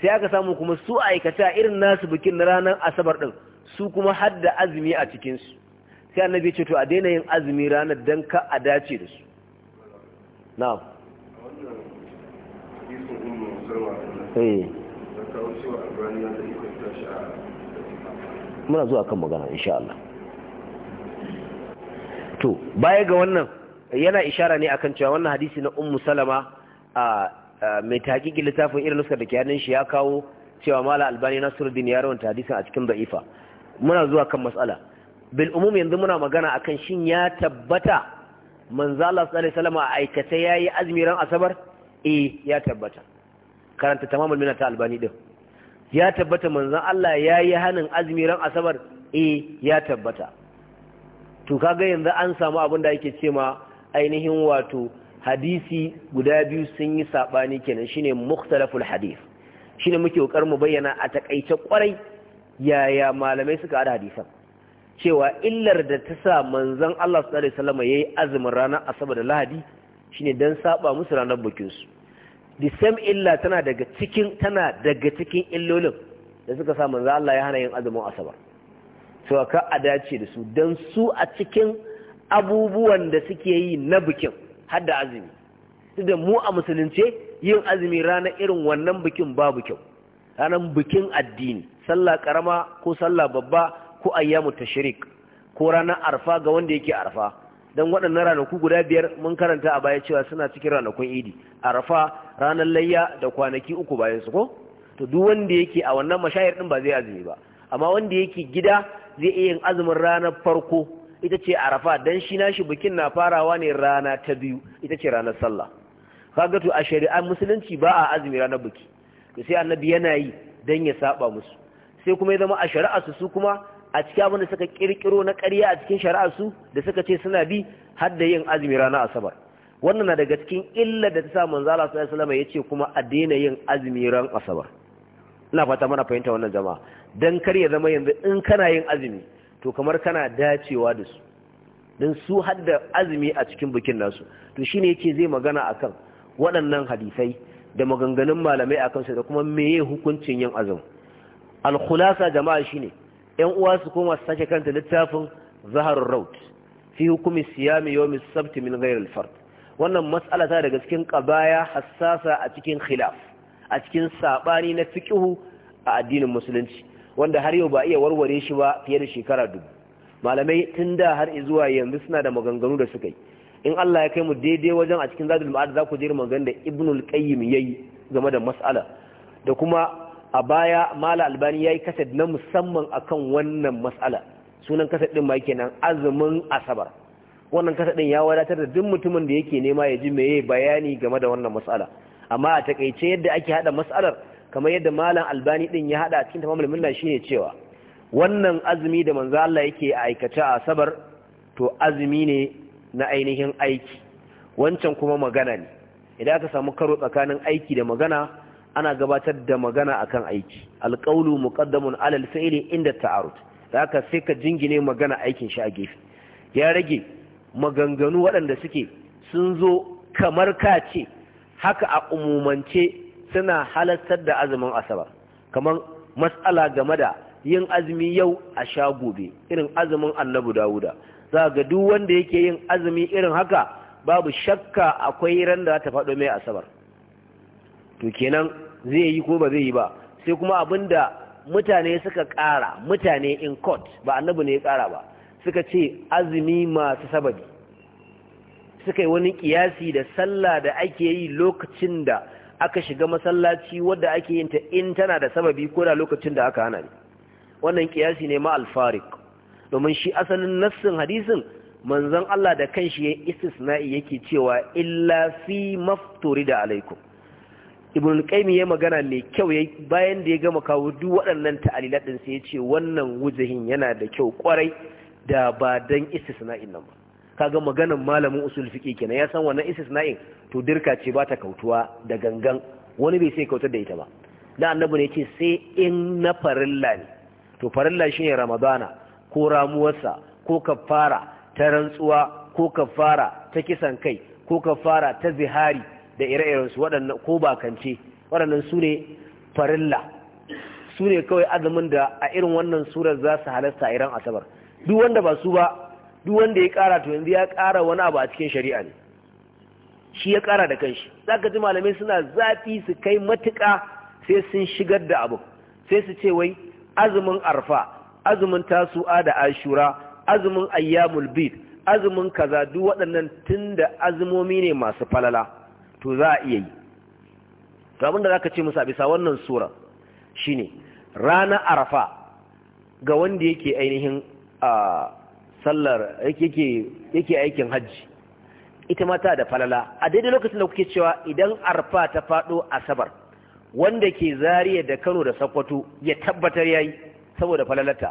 A: sai aka samu kuma su aikata irin nasu bikin na ranar asabar ɗin, su kuma hadda azumi a cikinsu sai annabi ce to a daina yin azumi ranar don ka a dace da su eh. muna zuwa kan magana insha Allah to baya ga wannan yana ishara ne akan cewa wannan hadisi na ummu salama a mai taƙiƙi littafin irin nuskar da ke hannun shi ya kawo cewa mala albani nasiruddin ya rawanta hadisin a cikin da'ifa muna zuwa kan matsala bil umum yanzu muna magana akan shin ya tabbata manzo Allah sallallahu alaihi wasallam a aikata yayi azumi ran asabar eh ya tabbata karanta tamamul minna ta albani din ya tabbata manzo Allah yayi hanin azumi ran asabar eh ya tabbata to kaga yanzu an samu abin da ake ce ma ainihin wato hadisi guda biyu sun yi saɓani kenan shine mukhtalaful hadith shine muke kokar mu bayyana a takaice kwarai yaya malamai suka hada hadisan cewa illar da ta sa manzon Allah sallallahu alaihi wasallam yayi azumin ranar asabar da lahadi shine dan saba musu ranar bukin su the same illa tana daga cikin tana daga cikin illolin da suka sa manzon Allah ya hana yin azumin asabar so ka a dace da su don su a cikin abubuwan da suke yi na bikin har da azumi da mu a musulunce yin azumi ranar irin wannan bikin babu kyau ranar bikin addini sallah karama ko sallah babba ko ayyamu tashrik ko ranar arfa ga wanda yake arfa don waɗannan ranaku guda biyar mun karanta a baya cewa suna cikin ranakun idi arfa ranar layya da kwanaki uku bayan su ko to duk wanda yake a wannan mashayar din ba zai azumi ba amma wanda yake gida zai iya yin azumin ranar farko ita ce arafa don shi nashi bikin na farawa ne rana ta biyu ita ce ranar sallah kagatu a shari'ar musulunci ba a azumi ranar biki to sai annabi yana yi don ya saba musu sai kuma ya zama a shari'ar su kuma a cikin abin da suka kirkiro na karya a cikin shari'ar su da suka ce suna bi har da yin azumi ranar asabar wannan na daga cikin illa da ta sa manzo Allah sallallahu alaihi wasallam ce kuma a daina yin azumi ran asabar ina fata mana fahimta wannan jama'a don kar ya zama yanzu in kana yin azumi to kamar kana dacewa da su don su hadda azumi a cikin bikin nasu to shine yake zai magana akan waɗannan hadisai da maganganun malamai a kansu da kuma meye hukuncin yin azumi alkhulasa jama'a shine yan uwa su koma su sake kanta littafin zaharul raut fi hukumi siyami yawmi sabti min ghayr al wannan mas'ala daga cikin qabaya hassasa a cikin khilaf a cikin saɓani na fiqhu a addinin musulunci wanda har yau ba iya warware shi ba fiye da shekara dubu malamai tun da har zuwa yanzu suna da maganganu da suka yi in Allah ya kai mu daidai wajen a cikin zadul ma'ad za ku je magan da ibnul qayyim yayi game da mas'ala da kuma a baya mala albani yayi kasad na musamman akan wannan mas'ala sunan kasad din ma nan, azumin asabar wannan kasad din ya wadatar da duk mutumin da yake nema ya ji meye bayani game da wannan mas'ala amma a takeice yadda ake hada mas'alar kamar yadda malam albani din ya hada cikin tamamul minna shine cewa wannan azumi da manzo Allah yake aikata a sabar to azumi ne na ainihin aiki wancan kuma magana ne idan ka samu karo tsakanin aiki da magana ana gabatar da magana akan aiki alqawlu muqaddamun ala alfi'li inda ta'arud haka sai ka jingine magana aikin shi a gefe ya rage maganganu waɗanda suke sun zo kamar ka ce haka a umumance suna halartar da azumin asabar kamar matsala game da yin azumi yau a sha gobe irin azumin annabu dawuda za ga duk wanda yake yin azumi irin haka babu shakka akwai ran da ta faɗo mai asabar to kenan zai yi ko ba zai yi ba sai kuma abin da mutane suka ƙara mutane in court ba Annabu ne ya ƙara ba suka ce azumi masu sababi suka yi wani kiyasi da sallah da ake yi lokacin da aka shiga masallaci wadda ake yin ta in tana da sababi ko da lokacin da aka hana ne wannan kiyasi ne ma alfarik domin shi asalin nassin hadisin manzon Allah da kanshi ya istisna'i yake cewa illa fi mafturi da alaikum ibn qayyim ya magana mai kyau bayan da ya gama kawo duk waɗannan ta'alilat sai ya ce wannan wujuhin yana da kyau kwarai da ba dan istisna'in nan ba kaga maganan malamin usul fiqi kenan ya san wannan istisna'in to dirka ce ba ta kautuwa da gangan wani bai sai kautar da ita ba dan annabi ne ce sai in na farilla ne to farilla shine ramadana ko ramuwarsa ko kafara ta rantsuwa ko kafara ta kisan kai ko kafara ta zihari da ire-irensu waɗannan ko bakance waɗannan su ne farilla su ne kawai azumin da a irin wannan surar za su halasta a iran asabar duk wanda ba su ba duk wanda ya kara to yanzu ya kara wani abu a cikin shari'a ne shi ya kara da kanshi Za ka ji malamai suna zafi su kai matuka sai sun shigar da abu sai su ce wai azumin arfa azumin tasu'a da ashura azumin ayyamul bid azumin kaza duk waɗannan da azumomi ne masu falala to za a iya yi to abinda ka ce musa bisa wannan sura shine rana arfa ga wanda yake ainihin a ah, sallar yake aikin hajji ita mata da falala a daidai lokacin da kuke cewa idan arfa ta fado asabar wanda ke zariya da kano da sokoto ya tabbatar yayi saboda falalata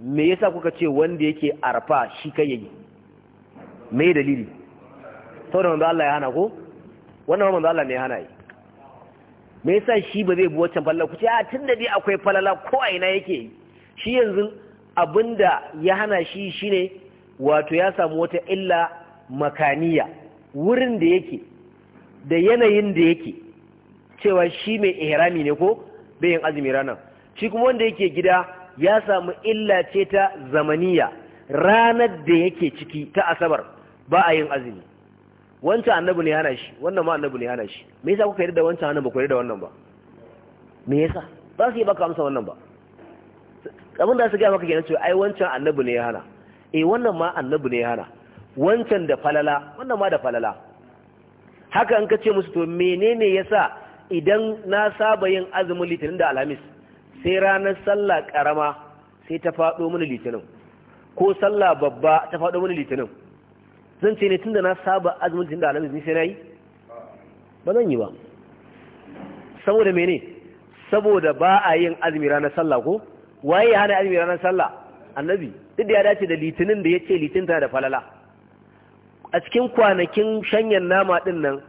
A: me yasa kuka ce wanda yake arfa shi kai yayi me dalili saboda manzo Allah ya hana ko wannan manzo Allah ne ya hana yi me yasa shi ba zai bi wancan falala ku ce a ah, tunda dai akwai falala ko a ina yake shi yanzu abinda ya hana shi shine wato ya samu wata illa makaniya wurin da yake da yanayin da yake cewa shi mai ihrami ne ko bayan azumi ranar shi kuma wanda yake gida ya samu illa ce ta zamaniya ranar da yake ciki ta asabar ba a yin azumi wancan annabi ne hana shi wannan ma annabi ne hana shi me yasa kuka yarda da wancan hana ba ku yarda da wannan ba me yasa ba su yi baka amsa wannan ba abin da su gaya maka kenan cewa ai wancan annabi ne ya hana eh wannan ma annabi ne ya hana wancan da falala wannan ma da falala haka an ka ce musu to menene yasa idan na saba yin azumin litinin da alhamis sai ranar sallah karama sai ta faɗo mini litinin ko sallah babba ta faɗo mini litinin zan ce ne tunda na saba azumin litinin da alhamis ni sai na yi ba zan yi ba saboda mene saboda ba a yin azumi ranar sallah ko waye ya hana azumi ranar sallah annabi duk da ya dace da litinin da yace ce litin ta da falala a cikin kwanakin shanyan nama din nan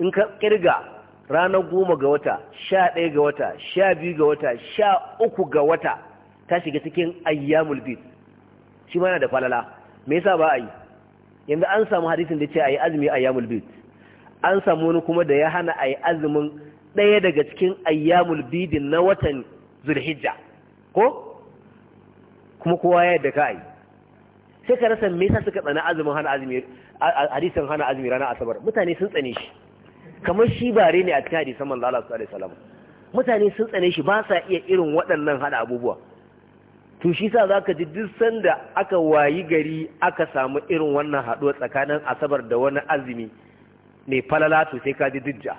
A: in ka kirga ranar goma ga wata sha ɗaya ga wata sha ga wata sha ga wata ta shiga cikin ayyamul bid shi ma yana da falala me yasa ba a yi yanzu an samu hadisin da ce a azumi ayyamul bid an samu wani kuma da ya hana a azumin ɗaya daga cikin ayyamul bid na watan zulhijja ko kuma kowa ya yadda ka yi sai ka rasa me yasa suka tsana azumin hana azumi hadisin hana azumi ranar asabar mutane sun tsane shi kamar shi bare ne a cikin hadisan manzo Allah sallallahu alaihi mutane sun tsane shi ba sa iya irin waɗannan hada abubuwa to shi sa zaka ji duk sanda aka wayi gari aka samu irin wannan haɗuwa tsakanin asabar da wani azumi ne falala to sai ka ji dijja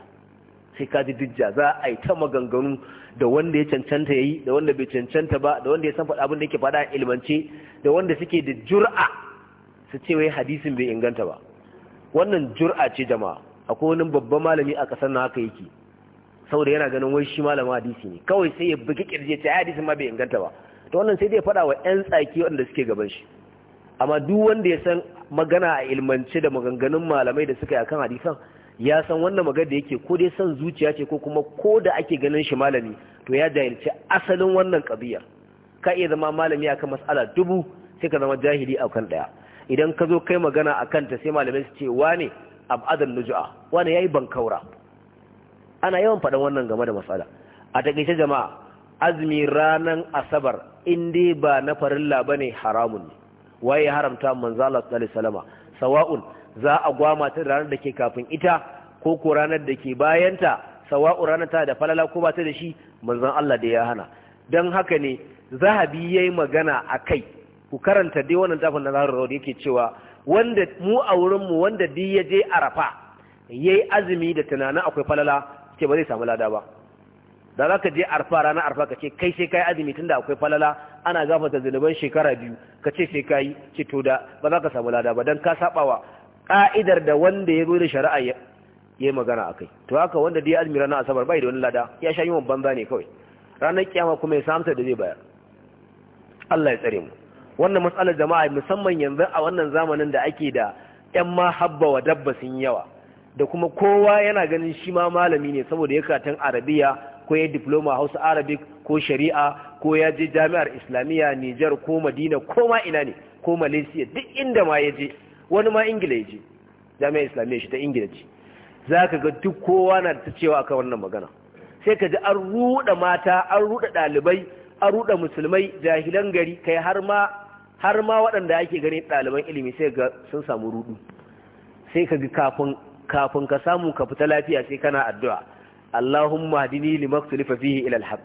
A: sai ka ji dijja za a yi ta maganganu da wanda ya cancanta ya yi da wanda bai cancanta ba da wanda ya san faɗa abin da yake faɗa a ilmance da wanda suke da jur'a su ce wai hadisin bai inganta ba wannan jur'a ce jama'a akwai wani babban malami a ƙasar na haka yake saboda yana ganin wai shi malamin hadisi ne kawai sai ya bugi kirje ta hadisin ma bai inganta ba to wannan sai dai faɗa wa ƴan tsaki waɗanda suke gaban shi amma duk wanda ya san magana a ilmance da maganganun malamai da suka yi akan hadisan ya san wannan magana da yake ko dai son zuciya ce ko kuma ko da ake ganin shi malami to ya jahilci asalin wannan kabiya ka iya zama malami akan mas'ala dubu sai ka zama jahili a akan daya idan ka zo kai magana akan ta sai malamai su ce wane abadan nujua wane yayi bankaura ana yawan faɗan wannan game da mas'ala a taƙaice jama'a azumi ranar asabar in dai ba na farilla bane haramun ne waye haramta manzo Allah sallallahu alaihi wasallama sawa'un za a gwama ta ranar da ke kafin ita ko ko ranar da ke bayanta sawa'u ranar ta da falala ko ba ta da shi manzon Allah da ya hana don haka ne za zahabi yayi magana a kai ku karanta dai wannan tafin na zarar rawar yake cewa wanda mu a wurinmu wanda dai ya je arafa yayi azumi da tunanin akwai falala ke ba zai samu lada ba da za ka je arfa ranar arfa ka ce kai sai kai azumi tun da akwai falala ana gafata zunuban shekara biyu ka ce sai kai ce to da ba za ka samu lada ba don ka saɓawa. ka'idar da wanda ya zo da shari'a ya yi magana a kai to haka wanda ya azumi na asabar bai da wani lada ya sha wa banza ne kawai ranar kiyama kuma ya samsa da zai bayar Allah ya tsare mu wannan matsalar jama'a musamman yanzu a wannan zamanin da ake da yan ma habba wa dabba sun yawa da kuma kowa yana ganin shi ma malami ne saboda ya karatun arabiya ko ya diploma hausa arabic ko shari'a ko ya je jami'ar islamiyya nijar ko madina ko ma ina ne ko malaysia duk inda ma ya je wani ma ingila ya islamiyya shi ta ingila ce za ka ga duk kowa na ta cewa akan wannan magana sai ka ji an ruɗa mata an ruɗa ɗalibai an ruɗa musulmai jahilan gari kai har ma har ma waɗanda ake gani ɗaliban ilimi sai ga sun samu ruɗu sai ka ga kafin kafin ka samu ka fita lafiya sai kana addu'a Allahumma hadini limaktulifa fihi ila alhaq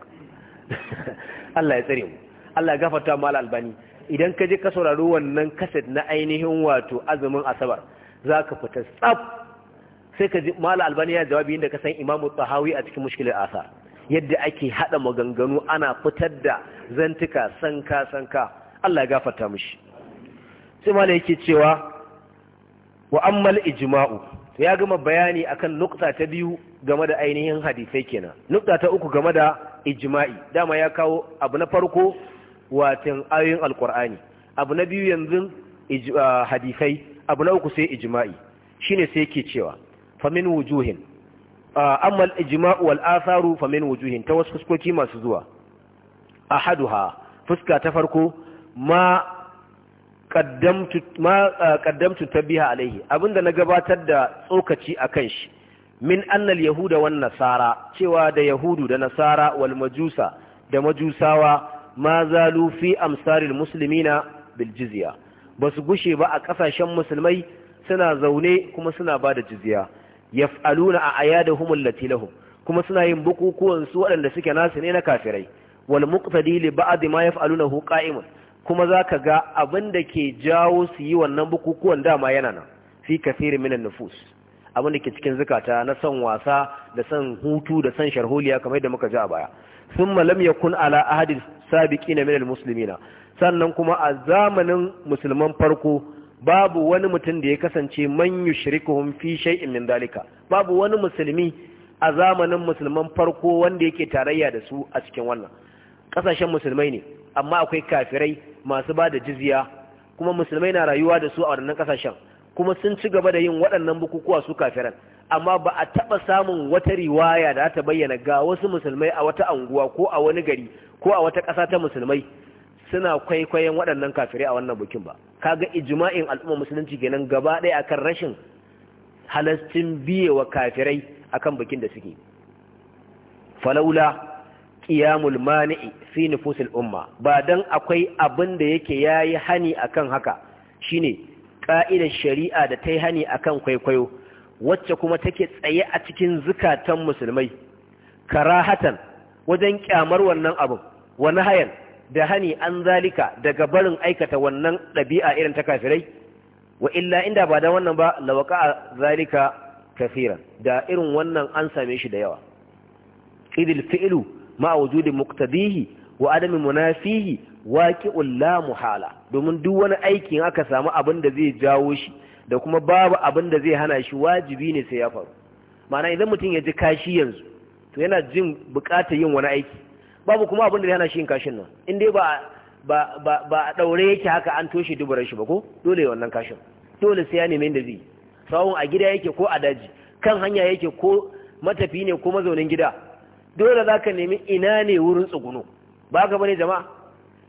A: Allah ya tsare mu Allah ya gafarta mu al albani idan ka je ka saurari wannan kaset na ainihin wato azumin asabar za ka fita tsab sai ka ji mala albani ya jawabi inda ka san imamu tsahawi a cikin mushkilar asa. yadda ake haɗa maganganu ana fitar da zantuka sanka sanka Allah ya gafarta mishi sai mala yake cewa wa ammal ijma'u to ya gama bayani akan nukta ta biyu game da ainihin hadisai kenan nukta ta uku game da ijma'i dama ya kawo abu na farko watan ayoyin alkur'ani abu na biyu yanzu ah, hadisai abu na uku sai ijma'i shine sai yake cewa famin wujuhin ah, amma al-ijma'u wal atharu famin wujuhin ta wasu fuskoki masu zuwa ahaduha fuska ta farko ma kaddamtu ma biya ah, tabiha alaihi abinda na gabatar da tsokaci akan shi min annal yahuda wan nasara cewa da yahudu da nasara wal majusa da majusawa ma zalu fi amsarin musulmina bil jizya ba su gushe ba a ƙasashen musulmai suna zaune kuma suna ba da jizya yaf'aluna a ayadahum allati lahum kuma suna yin bukukuwan su waɗanda suke nasu ne na kafirai wal muqtadi li ba'd ma hu qa'imun kuma zaka ga abin da ke jawo su yi wannan bukukuwan dama yana nan fi kathiri min nufus abin da ke cikin zukata na son wasa da son hutu da son sharholiya kamar da muka ji a baya thumma lam yakun ala ahadin sabiqina minal muslimina sannan kuma a zamanin musulman farko babu wani mutum da ya kasance man yushrikuhum fi shay'in min dalika babu wani musulmi a zamanin musulman farko wanda yake tarayya da su a cikin wannan kasashen musulmai ne amma akwai kafirai masu ba da jizya kuma musulmai na rayuwa da su a wannan kasashen kuma sun ci gaba da yin waɗannan bukukuwa su kafiran amma ba a taɓa samun wata riwaya da ta bayyana ga wasu musulmai a wata anguwa ko a wani gari ko a wata ƙasa ta musulmai suna kwaikwayon waɗannan kafirai a wannan bukin ba kaga ijma'in al'umma musulunci kenan gaba ɗaya akan rashin halastin biye wa kafirai akan bukin da suke falaula qiyamul mani'i fi nufusil umma ba dan akwai abin da yake yayi hani akan haka shine ka'idar shari'a da ta yi hani akan kwaikwayo wacce kuma take tsaye a cikin zukatan musulmai karahatan wajen kyamar wannan abin wani hayan da hani an zalika daga barin aikata wannan ɗabi'a irin ta kafirai wa illa inda ba da wannan ba lawaka a zalika kafiran da irin wannan an same shi da yawa idil fi'lu ma wujudi muqtadihi wa adami munafihi waqi'ul la muhala domin duk wani aikin aka samu abin da zai jawo shi da kuma babu abin da zai hana shi wajibi ne sai ya faru ma'ana idan mutum ya ji kashi yanzu to yana jin bukatar yin wani aiki babu kuma abin da zai hana shi yin kashin nan in dai ba ba ba a daure yake haka an toshe duburan shi ba ko dole wannan kashin dole sai ya nemi inda zai sawun a gida yake ko a daji kan hanya yake ko matafi ne ko mazaunin gida dole zaka nemi ina ne wurin tsuguno ba ka bane jama'a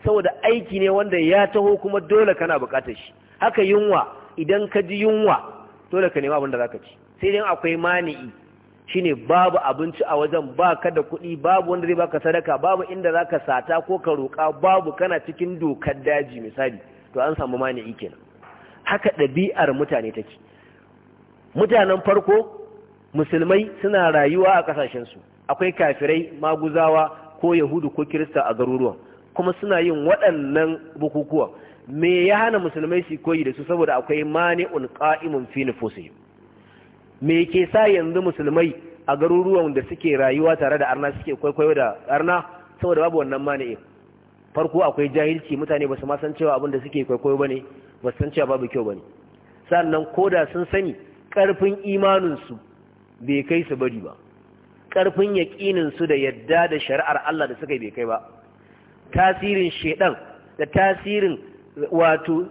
A: saboda aiki ne wanda ya taho kuma dole kana bukatar shi haka yunwa idan ka ji yunwa dole ka nema abin da zaka ci sai dai akwai mani'i shine babu abinci a wajen baka da kuɗi babu wanda zai baka sadaka babu inda za ka sata ko ka roƙa babu kana cikin dokar daji misali to an samu mani'i kenan haka ɗabi'ar mutane take mutanen farko musulmai suna rayuwa a ƙasashensu akwai kafirai maguzawa ko yahudu ko kirista a garuruwan kuma suna yin waɗannan bukukuwan. me ya hana musulmai su koyi da su saboda akwai mani'un qa'imun fi nufusihim me ke sa yanzu musulmai a garuruwan da suke rayuwa tare da arna suke kwaikwayo da arna saboda babu wannan mani'in farko akwai jahilci mutane ba su ma san cewa abin da suke kwaikwayo bane ba su san cewa babu kyau bane sannan koda sun sani karfin imanin su bai kai su bari ba karfin yaƙinin su da yadda da shari'ar Allah da suka bai kai ba tasirin shedan da tasirin wato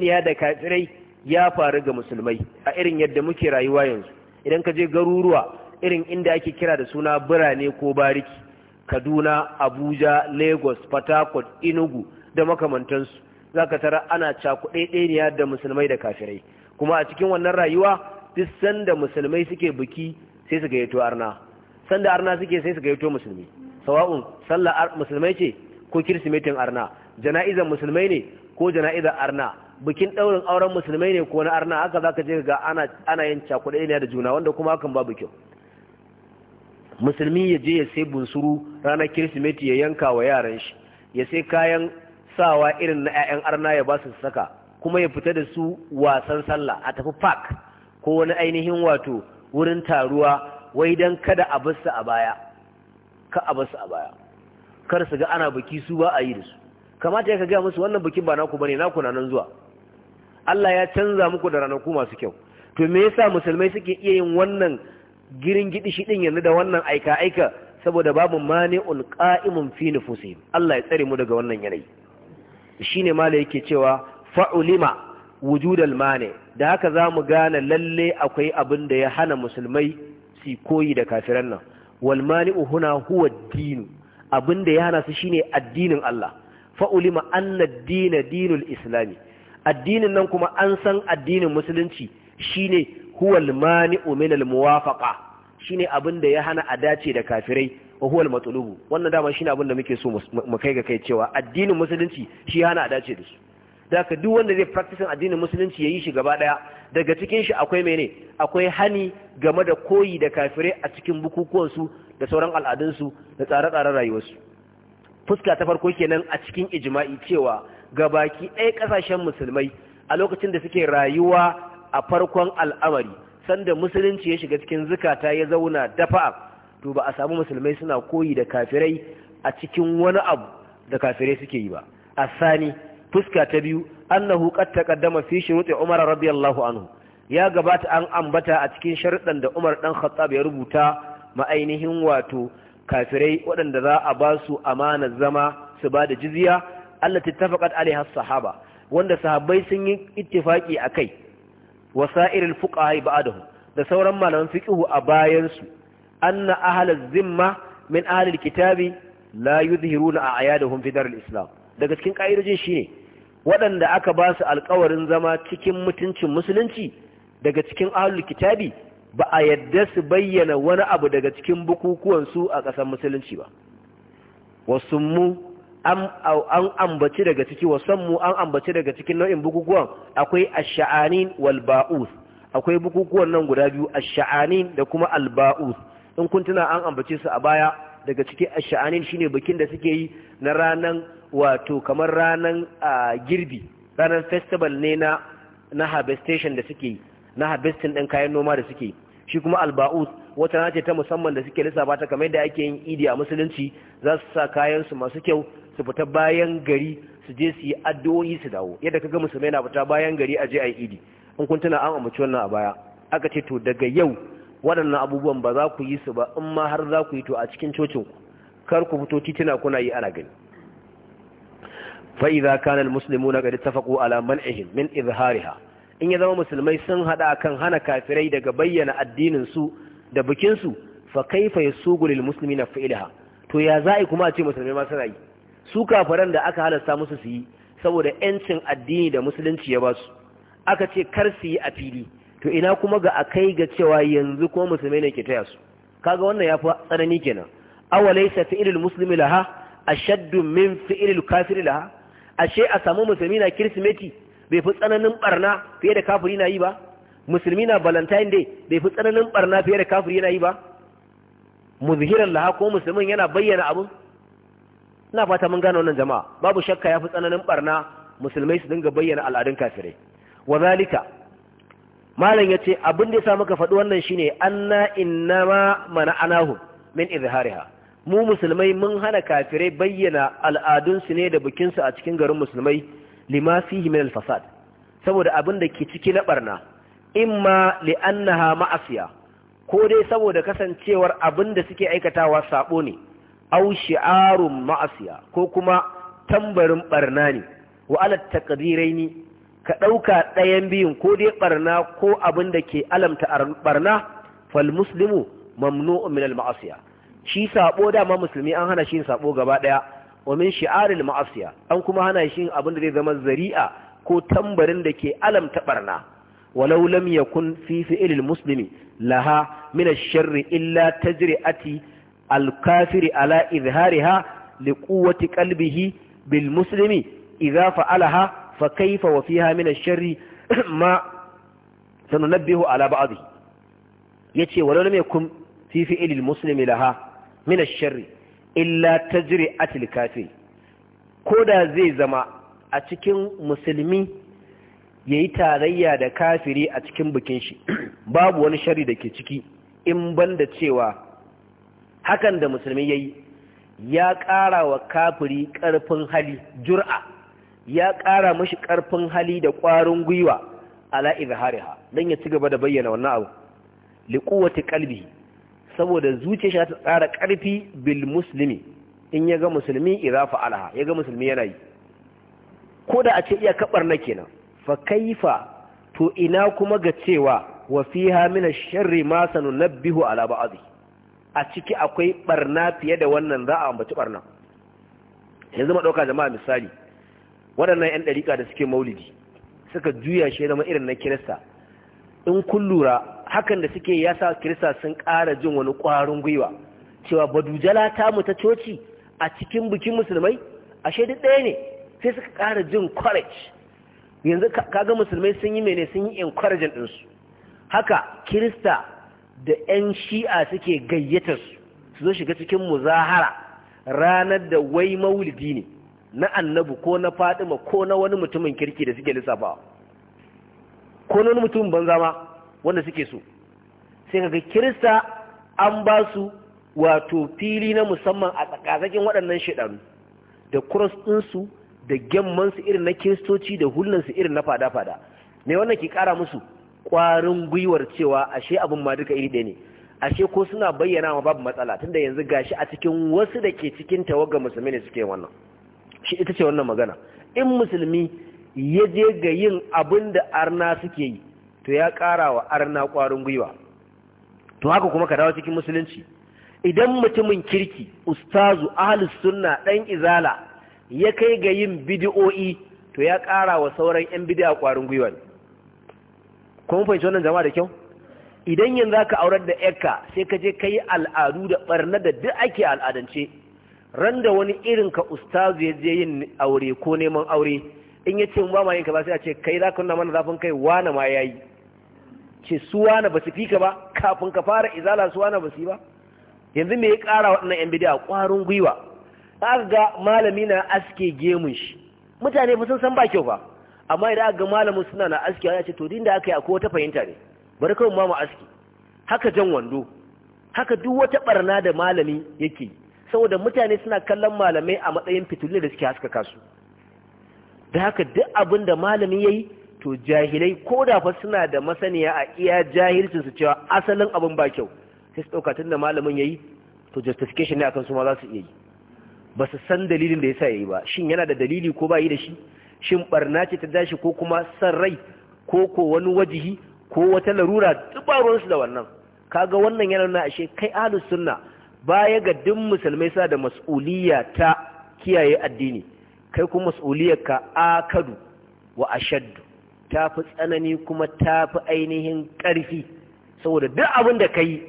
A: ya da kafirai ya faru ga musulmai a irin yadda muke rayuwa yanzu idan ka je garuruwa irin inda ake kira da suna birane ko bariki kaduna abuja lagos port inugu da makamantansu za ka tara ana ya da musulmai da kafirai kuma a cikin wannan rayuwa duk sanda musulmai suke biki sai su gayyato arna sanda arna suke sai su gayyato musulmi sawa'un sallar musulmai ce ko kirsimetin arna jana'izar musulmai ne ko jana'izar arna bikin ɗaurin auren musulmai ne ko na arna haka za ka je ga ana yin cakuɗe ne da juna wanda kuma hakan ba kyau musulmi ya je ya sai bunsuru ranar kirsimeti ya yanka wa yaran shi ya sai kayan sawa irin na 'ya'yan arna ya ba su saka kuma ya fita da su wasan sallah a tafi park ko wani ainihin wato wurin taruwa wai don kada a basu a baya ka a basu a baya kar su ga ana biki su ba a yi da su kamata ya ka gaya musu wannan bikin ba naku bane naku na nan zuwa Allah ya canza muku da ranaku masu kyau to me yasa musulmai suke iya yin wannan girin gidi shi din yanzu da wannan aika aika saboda babu mani'un qa'imun fi nufusihim Allah ya tsare mu daga wannan yanayi shine mala yake cewa fa'ulima wujudal mani da haka zamu gane lalle akwai abin da ya hana musulmai su koyi da kafiran nan wal mani'u huna huwa ad-din abin da ya hana su shine addinin Allah fa'ulima annad dina dinul islami addinin nan kuma an san addinin musulunci shine huwal mani minal muwafaqa shine abin da ya hana a dace da kafirai wa huwal matlubu wannan dama shine abin da muke so mu kai ga kai cewa addinin musulunci shi hana a dace da su daga duk wanda zai practicing addinin musulunci yayi shi gaba daya daga cikin shi akwai mene akwai hani game da koyi da kafirai a cikin bukukuwan su da sauran al'adun su da tsare-tsaren rayuwarsu fuska ta farko kenan a cikin ijma'i cewa ga baki ɗaya ƙasashen musulmai a lokacin da suke rayuwa a farkon al'amari sanda musulunci ya shiga cikin zukata ya zauna dafa to ba a samu musulmai suna koyi da kafirai a cikin wani abu da kafirai suke yi ba A Sani fuska ta biyu annahu qad taqaddama fi shuruti umar radiyallahu anhu ya gabata an ambata a cikin sharuɗan da umar dan khattab ya rubuta ma'ainihin wato kafirai waɗanda za a ba su amanar zama su ba da jiziya, Allah tattafaqat alaiha sahaba wanda sahabbai sun yi ittifaki akai fuka fuqaha ba'dahu da sauran malaman fiqhu a bayan su anna ahlaz zimma min ahlil kitabi la yuzhiruna a'yadahum da daril islam daga cikin shi shine waɗanda aka ba su alƙawarin zama cikin mutuncin musulunci daga cikin ahlul kitabi ba a yadda su bayyana wani abu daga cikin bukukuwan su a ƙasar musulunci ba wasu mu an ambaci daga ciki wasan mu an ambaci daga cikin nau'in bukukuwan akwai Asha'anin wal akwai bukukuwan nan guda biyu Asha'anin da kuma al in kun tuna an ambace su a baya daga cikin asha'anin shine bikin da suke yi na ranan wato kamar ranan girbi ranan festival ne na na harvestation da suke yi na harvesting din kayan noma da suke yi shi kuma alba'us wata rana ce ta musamman da suke lissafa ta kamar da ake yin idi a musulunci za su sa kayan su masu kyau su fita bayan gari su je su yi addu'o'i su dawo yadda kaga musulmai na fita bayan gari a je a yi idi in kun tuna an amince wannan a baya aka ce to daga yau waɗannan abubuwan ba za ku yi su ba in ma har za ku yi to a cikin cocin ku kar ku fito titina kuna yi ana gani fa idza kana al muslimuna qad ittafaqu ala man'ihim min izhariha in ya zama musulmai sun haɗa kan hana kafirai daga bayyana addininsu da bikinsu fa kaifa yasugu lil muslimina fa'ilaha to ya za'i kuma a ce musulmai ma suna yi su kafiran da aka halasta musu su yi saboda yancin addini da musulunci ya basu aka ce kar su yi a fili to ina kuma ga akai ga cewa yanzu kuma musulmai ne ke taya su kaga wannan yafi tsanani kenan awalaysa fi'lul muslimi laha ashaddu min fi'lil kafiri laha ashe a samu musulmi na kirsimeti bai fi tsananin barna fiye da kafiri na yi ba musulmi na valentine day bai fi tsananin barna fiye da kafiri yana yi ba muzhiran laha ko musulmin yana bayyana abin ina fata mun gane wannan jama'a babu shakka ya fi tsananin barna musulmai su dinga bayyana al'adun kafirai wa zalika malam yace abin da sa muka faɗi wannan shine anna innama anahu min izhariha mu musulmai mun hana kafirai bayyana al'adunsu ne da bikinsu a cikin garin musulmai lima fihi min al-fasad saboda abin da ke ciki na barna imma li'annaha ma'asiya ko dai saboda kasancewar abin da suke aikatawa sabo ne aw shi'arun ma'asiya ko kuma tambarin barna ne wa ala taqdiraini ka dauka ɗayan biyun ko dai barna ko abin da ke alamta barna fal muslimu mamnu'un min al-ma'asiya shi sabo dama musulmi an hana shi sabo gaba daya wa min sha'arar ma'asiya an kuma hana shi abin da zai zama zari'a ko tambarin da ke alamta barna walau lam yakun fi fi'lil muslimi laha min ash-sharri illa tajri'ati al-kafiri ala izhariha liquwwati qalbihi bil muslimi idza fa'alaha fa kayfa wa fiha min ash-sharri ma sanunabbihu ala ba'dhi yace laha illa tajri atil kafir ko da zai zama a cikin musulmi ya yi tarayya da kafiri a cikin bikin shi babu wani shari da ke ciki in banda cewa hakan da musulmi ya yi ya ƙara wa kafiri ƙarfin hali jur'a ya ƙara mashi ƙarfin hali da ƙwarin gwiwa ala izhariha don ya ci gaba da bayyana wannan abu liquwwati ƙalbi. saboda zuciya shi ta tsara ƙarfi bil muslimi in ya ga musulmi idza fa'alaha ya ga musulmi yana yi ko da a ce iya kabar na kenan fa kaifa to ina kuma ga cewa wa fiha min ash-sharri ma sanunabbihu ala ba'dhi a ciki akwai barna fiye da wannan za a ambaci barna yanzu ma dauka jama'a misali waɗannan 'yan dariƙa da suke maulidi suka juya shi zama irin na kirista in kun lura hakan da suke ya sa kirista sun ƙara jin wani ƙwarin gwiwa cewa badujala ta mu coci a cikin bikin musulmai ashe duk ɗaya ne sai suka ƙara jin courage yanzu kaga musulmai sun yi mene sun yi encouraging ɗinsu haka kirista da 'yan shi'a suke gayyatar su su zo shiga cikin muzahara ranar da wai maulidi ne na annabu ko na fadima ko na wani mutumin kirki da suke lissafawa ko na wani mutumin banza ma wanda suke so sai ga kirista an ba su wato fili na musamman a tsakazakin waɗannan shaidanu da kuros ɗinsu da gemmansu irin na kiristoci da hulunansu irin na fada-fada me wannan ke ƙara musu ƙwarin gwiwar cewa ashe abin ma duka iri ɗaya ne ashe ko suna bayyana ma babu matsala tunda yanzu gashi a cikin wasu da ke cikin tawaga musulmi ne suke wannan shi ita ce wannan magana in musulmi ya je ga yin abin da arna suke yi to ya ƙara wa arna ƙwarin gwiwa to haka kuma ka dawo cikin musulunci idan mutumin kirki ustazu ahlus sunna ɗan izala ya kai ga yin bidi'o'i to ya ƙara wa sauran 'yan bidi'a ƙwarin gwiwa ne kuma fahimci wannan jama'a da kyau idan yanzu za ka aurar da yakka sai ka je ka yi al'adu da barna da duk ake al'adance ran da wani irin ka ustazu ya je yin aure ko neman aure in ya ce ba ma yin ka ba sai a ce kai za ka nuna mana zafin kai wane ma ya yi ce suwa na ba su fi ka ba kafin ka fara izala suwa na ba ba yanzu me ya kara waɗannan yan bidiyar ƙwarin gwiwa aka ga malami na aske gemun shi mutane fa sun san ba kyau ba amma idan aka ga malamin suna na aske ya ce to din da aka yi akwai wata fahimta ne bari kawai ma mu aske haka jan wando haka duk wata barna da malami yake saboda mutane suna kallon malamai a matsayin fitilu da suke haskaka su da haka duk abin da malami yayi to jahilai ko da fa suna da masaniya a iya jahilcin su cewa asalin abin ba kyau sai su dauka tunda malamin yayi to justification ne akan su ma za su iya yi ba su san dalilin da yasa yayi ba shin yana da dalili ko ba yi da shi shin barna ce ta dashi ko kuma san rai ko ko wani wajihi ko wata larura duk su da wannan kaga wannan yana nuna ashe kai ahlus sunna baya ga duk musulmai sa da mas'uliyya ta kiyaye addini kai kuma mas'uliyarka akadu wa ashaddu ta fi tsanani kuma ta fi ainihin ƙarfi saboda duk abin da ka yi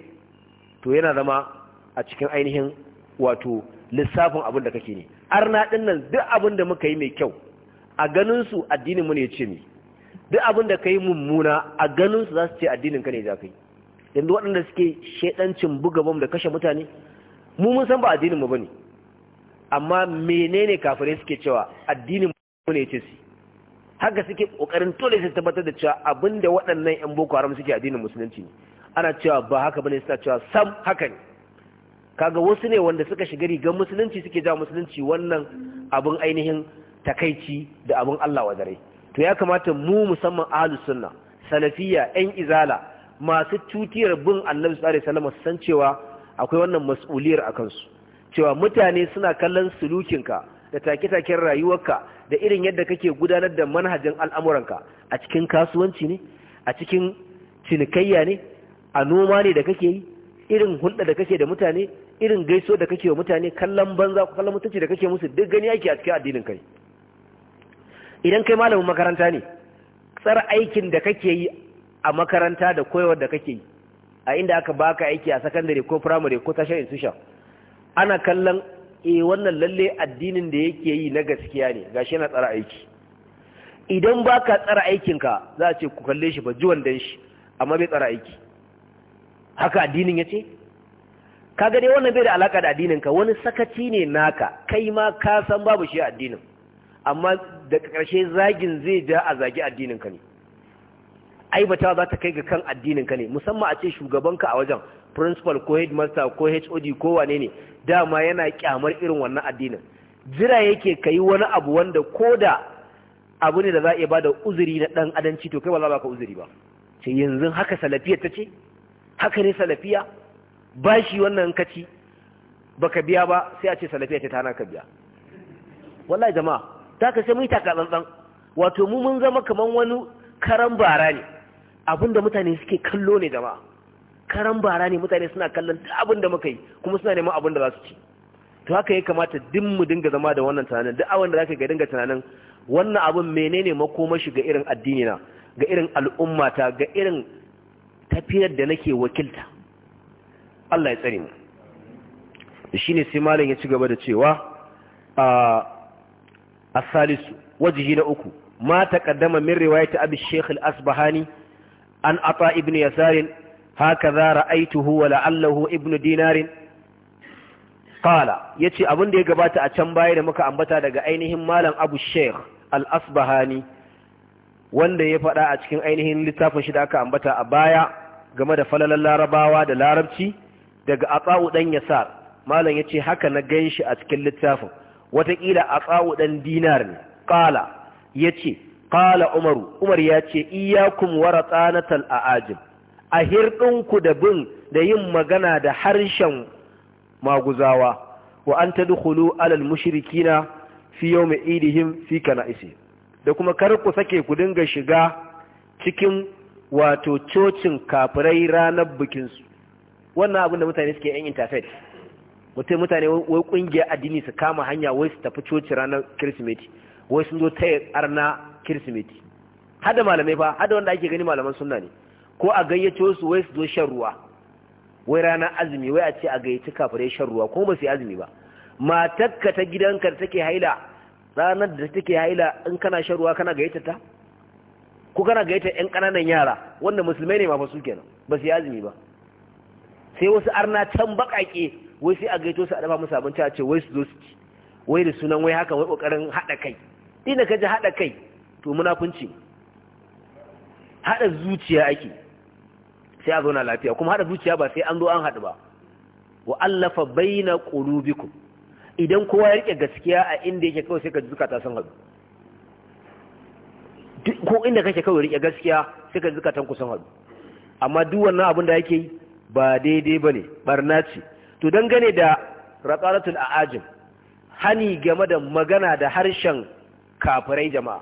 A: to yana zama a cikin ainihin wato lissafin abin da kake ne arna ɗin nan duk abin da muka yi mai kyau a ganinsu addininmu ne ce ne duk abin da ka yi mummuna a ganinsu za su ce addininka ne za ka yi yanzu waɗanda suke shaɗancin buga da kashe mutane mu mun san ba addininmu ba ne amma menene kafirai suke cewa addininmu ne ce su haka suke kokarin tole su tabbatar da cewa abinda waɗannan yan boko haram suke addinin musulunci ne ana cewa ba haka bane suna cewa sam haka ne kaga wasu ne wanda suka shiga rigar musulunci suke jawo musulunci wannan abin ainihin takaici da abin Allah wa dare to ya kamata mu musamman ahlus sunna salafiyya yan izala masu tutiyar bin annabi sallallahu alaihi wasallam san cewa akwai wannan mas'uliyar akan su cewa mutane suna kallon sulukinka da take-taken rayuwarka da irin yadda kake gudanar da manhajin al'amuranka a cikin kasuwanci ne a cikin cinikayya ne a noma ne da kake yi irin hulɗa da kake da mutane irin gaiso da kake wa mutane kallon banza ko kallon mutunci da kake musu duk gani ake a cikin addinin kai idan kai malamin makaranta ne tsara aikin da kake yi a makaranta da koyarwar da kake yi a inda aka baka aiki a sakandare ko firamare ko tashar institution ana kallon eh wannan lalle addinin da yake yi na gaskiya ne gashi yana tsara aiki idan baka tsara aikinka za a ce ku kalle shi ba ji wandan shi amma bai tsara aiki haka addinin ya ce kaga dai wannan bai da alaka da addininka wani sakaci ne naka kai ma ka san babu shi addinin amma da ƙarshe zagin zai ja a zagi addininka ne Aibatawa za ta kai ga kan addininka ne musamman a ce shugaban ka a wajen principal ko headmaster ko hod ko wane ne dama yana kyamar irin wannan addinin jira yake ka yi wani abu wanda ko da abu ne da za a iya ba da uzuri na ɗan adanci to kai ba za ka uzuri ba sai yanzu haka salafiya ta ce haka ne salafiya ba shi wannan kaci baka biya ba sai a ce salafiya ta tana ka biya wallahi jama'a ta ka sai mun taka tsantsan wato mu mun zama kaman wani karan bara ne abinda mutane suke kallo ne jama'a karan bara ne mutane suna kallon duk abin da muka yi kuma suna neman abin da za su ci to haka ya kamata duk mu dinga zama da wannan tunanin duk abin da ka ga dinga tunanin wannan abin menene makomashi ga irin addini na ga irin al'ummata ga irin tafiyar da nake wakilta Allah ya tsare mu ne sai malam ya ci gaba da cewa a asalisu wajihi na uku ma taqaddama min riwayati abi shaykh al-asbahani an ata ibn yasarin Haka la'allahu هكذا رأيته ولعله ابن دينار قال يتي أبن دي قبات muka ambata أنبتا ainihin أينهم مالا أبو Al-Asbahani, wanda ya faɗa a cikin ainihin littafin shi da aka ambata a baya game da falalan larabawa da larabci daga atsa'u dan yasar malam ya ce haka na gan shi a cikin littafin watakila atsa'u dan dinar ne Ya ce. kala umaru umar yace iyyakum a ajin. a hirɗinku da bin da yin magana da harshen maguzawa wa an ta dukulu alal mushrikina fi yau mai idihim fi isi da kuma kar ku sake ku dinga shiga cikin wato cocin kafirai ranar bikinsu wannan abin da mutane suke yan interfet mutum mutane wai kungiyar addini su kama hanya wai su tafi coci ranar kirsimeti wai sun zo taya arna kirsimeti hada malamai fa hada wanda ake gani malaman sunna ne ko a gayyato su wai su zo shan ruwa wai ranar azumi wai a ce a gayyaci kafare shan ruwa ko ba su yi azumi ba matakka ta gidanka da take haila ranar da take haila in kana shan ruwa kana gayyata ta ko kana gayyata yan ƙananan yara wanda musulmai ne ma fa su kenan ba su yi azumi ba sai wasu arna can bakake wai sai a gayyace su a dafa musu abinci a ce wai su zo su ci wai da sunan wai haka wai ƙoƙarin haɗa kai ina ka ji haɗa kai to munafunci haɗa zuciya ake sai a zauna lafiya kuma haɗa zuciya ba sai an zo an haɗu ba wa allafa baina qulubikum idan kowa ya rike gaskiya a inda yake kawai sai ka zukata san haɗu ko inda kake kawai rike gaskiya sai ka zukatan ku san haɗu amma duk wannan abin da yake ba daidai bane barna ce to dangane da a aajim hani game da magana da harshen kafirai jama'a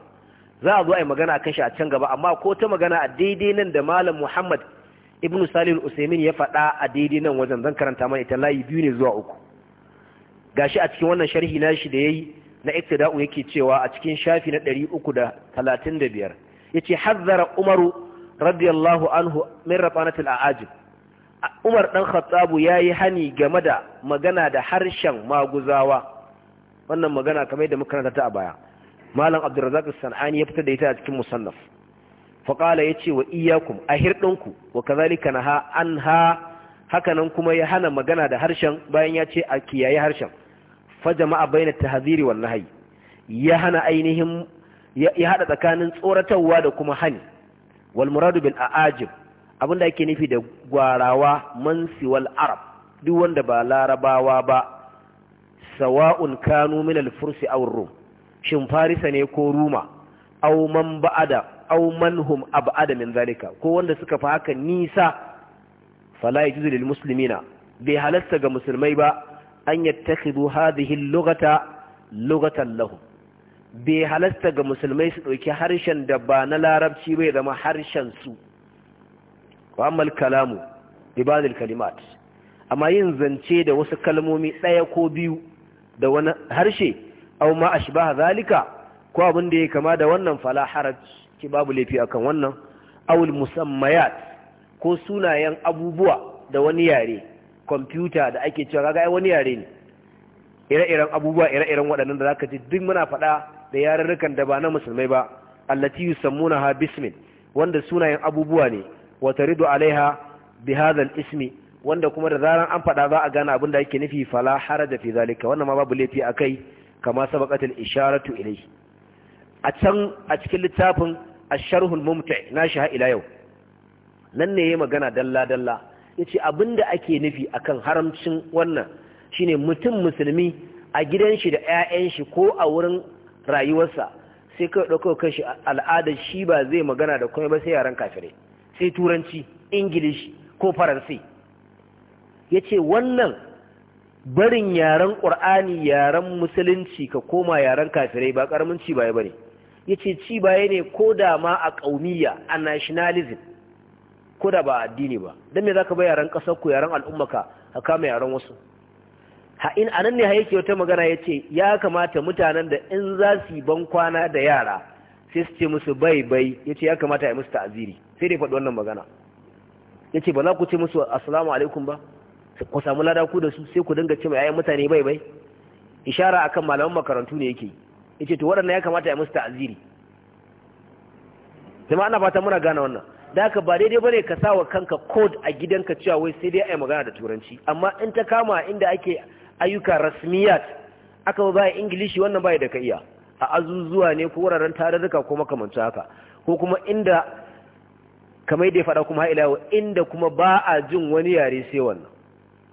A: za a zo a yi magana a kashi a can gaba amma ko ta magana a daidai nan da malam Muhammad ibn salih usaimin ya faɗa a daidai nan wajen zan karanta mana ita layi biyu ne zuwa uku gashi a cikin wannan sharhi na shi da yayi na iktida'u yake cewa a cikin shafi na ɗari uku da da talatin biyar. Ya ce hazzara umaru radiyallahu anhu min rafanatil a'ajib umar dan khattabu yayi hani game da magana da harshen maguzawa wannan magana kamar da muka karanta ta a baya malam abdurrazzaq as-sanani ya fitar da ita a cikin musannaf faƙala ya ce wa iyakun a hirɗinku wa kazalika na ha an ha hakanan kuma ya hana magana da harshen bayan ya ce a kiyaye harshen fa jama'a bayna tahziri wal nahyi ya hana ainihin ya haɗa tsakanin tsoratarwa da kuma hani wal muradu bil aajib abinda ake nufi da gwarawa mansi wal arab duk wanda ba larabawa ba sawa'un kanu min al fursi aw rum shin farisa ne ko ruma aw man ba'ada aw man hum ab'ada min zalika ko wanda suka fa haka nisa fala yajuzu lil muslimina bai halatta ga musulmai ba an yattakhidhu hadhihi al-lughata lughatan lahum bai halasta ga musulmai su ɗauki harshen da ba na larabci bai zama harshen su amal kalamu ibadul kalimat amma yin zance da wasu kalmomi ɗaya ko biyu da wani harshe au ma ashbaha zalika ko abin da ya kama da wannan fala haraj ki babu laifi akan wannan awul musammayat ko sunayen abubuwa da wani yare kwamfuta da ake cewa kaga ai wani yare ne ire-iren abubuwa ire-iren waɗannan da zaka ji duk muna faɗa da yarurrukan da ba na musulmai ba allati yusammunaha bismin wanda sunayen abubuwa ne wa taridu alaiha bi hadha ismi wanda kuma da zaran an faɗa za a gane abin da ake nufi fala haraja fi zalika wannan ma babu laifi akai kama sabaqatul isharatu ilayhi a can a cikin littafin asharhul mumta na shi ha ila yau nan ne ya magana dalla-dalla ya ce abinda ake nufi a kan haramcin wannan shi ne mutum musulmi a gidan shi da 'ya'yan shi ko a wurin rayuwarsa sai kawai ɗauko kashi al'adar shi ba zai magana da kuma ba sai yaren kafirai sai turanci ingilish ko faransai ya ce wannan barin yaren ƙur'ani yaren musulunci ka koma yaren kafirai ba ƙaramin ci baya ba ne yace ci baya ne ko da ma a kaumiya a nationalism ko da ba addini ba dan me zaka bai yaren kasar ku yaran al'ummaka ka kama yaren wasu ha in anan ne ha yake wata magana yace ya kamata mutanen da in za su yi ban da yara sai su ce musu bai bai yace ya kamata a musu ta'aziri sai dai faɗi wannan magana yace ba za ku ce musu assalamu alaikum ba ku samu lada ku da su sai ku dinga ce mai ayyan mutane bai bai ishara akan malaman makarantu ne yake yi yace to waɗannan ya kamata ya musu ta'ziri ma ana fata muna gane wannan da haka ba daidai bane ka sa wa kanka code a gidanka cewa wai sai dai ai magana da turanci amma in ta kama inda ake ayyuka rasmiyat aka ba ya ingilishi wannan ba da ka iya a azuzuwa ne ko wuraren tarurruka ko makamanci haka ko kuma inda kamar da ya faɗa kuma ha'ilawa inda kuma ba a jin wani yare sai wannan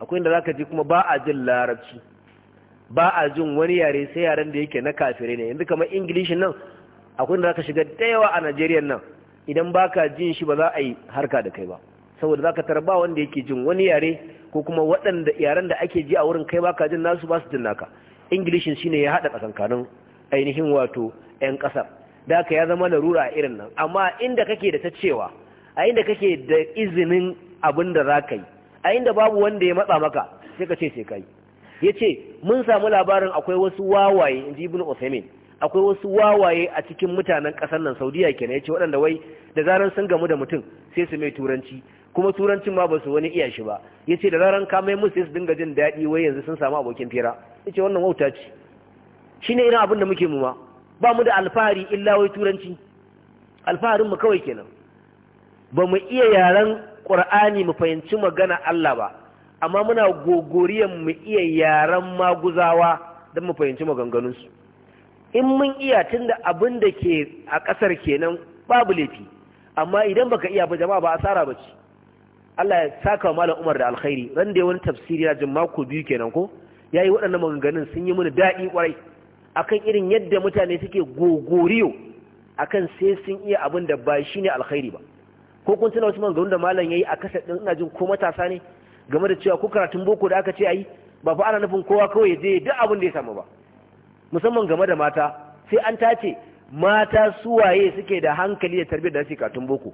A: akwai inda zaka ji kuma ba a jin larabci ba a jin wani yare sai yaren da yake na kafirai ne yanzu kamar ingilishin nan akwai da ka shiga da yawa a Najeriya nan idan baka jin shi ba za a yi harka da kai ba saboda za zaka tarba wanda yake jin wani yare ko kuma waɗanda yaren da ake ji a wurin kai baka jin nasu ba su jin naka ingilishin shine ya haɗa tsakankanin ainihin wato yan ƙasar da ka ya zama larura a irin nan amma inda kake da ta cewa a inda kake da izinin abin da za ka yi a inda babu wanda ya matsa maka sai ka ce sai ka yi Ya ce mun samu labarin akwai wasu wawaye inji ibn usaimin akwai wasu wawaye a cikin mutanen ƙasar nan saudiya kenan yace waɗanda wai da zaran sun gamu da mutum sai su mai turanci kuma turancin ma ba su wani iya shi ba yace da zaran ka mai musu sai su dinga jin daɗi wai yanzu sun samu abokin fira yace wannan wauta ce shine irin abin da muke mu ma ba mu da alfahari illa wai turanci alfaharin mu kawai kenan ba mu iya yaren qur'ani mu fahimci magana Allah ba amma muna gogoriyan mu iya yaren maguzawa don mu fahimci maganganunsu in mun iya tun da abin da ke a ƙasar kenan babu laifi amma idan baka iya ba jama'a ba asara ba ci Allah ya saka wa malam Umar da alkhairi ran da wani tafsiri na jima ko biyu kenan ko yayi waɗannan maganganun sun yi mini daɗi kwarai akan irin yadda mutane suke gogoriyo akan sai sun iya abin da ba shine alkhairi ba ko kun tuna wasu maganganun da malam yi a kasar din ina jin ko matasa ne game da cewa ko karatun boko da aka ce ayi ba fa ana nufin kowa kawai ya je duk abin da ya samu ba musamman game da mata sai an tace mata su waye suke da hankali da tarbiyyar da su karatun boko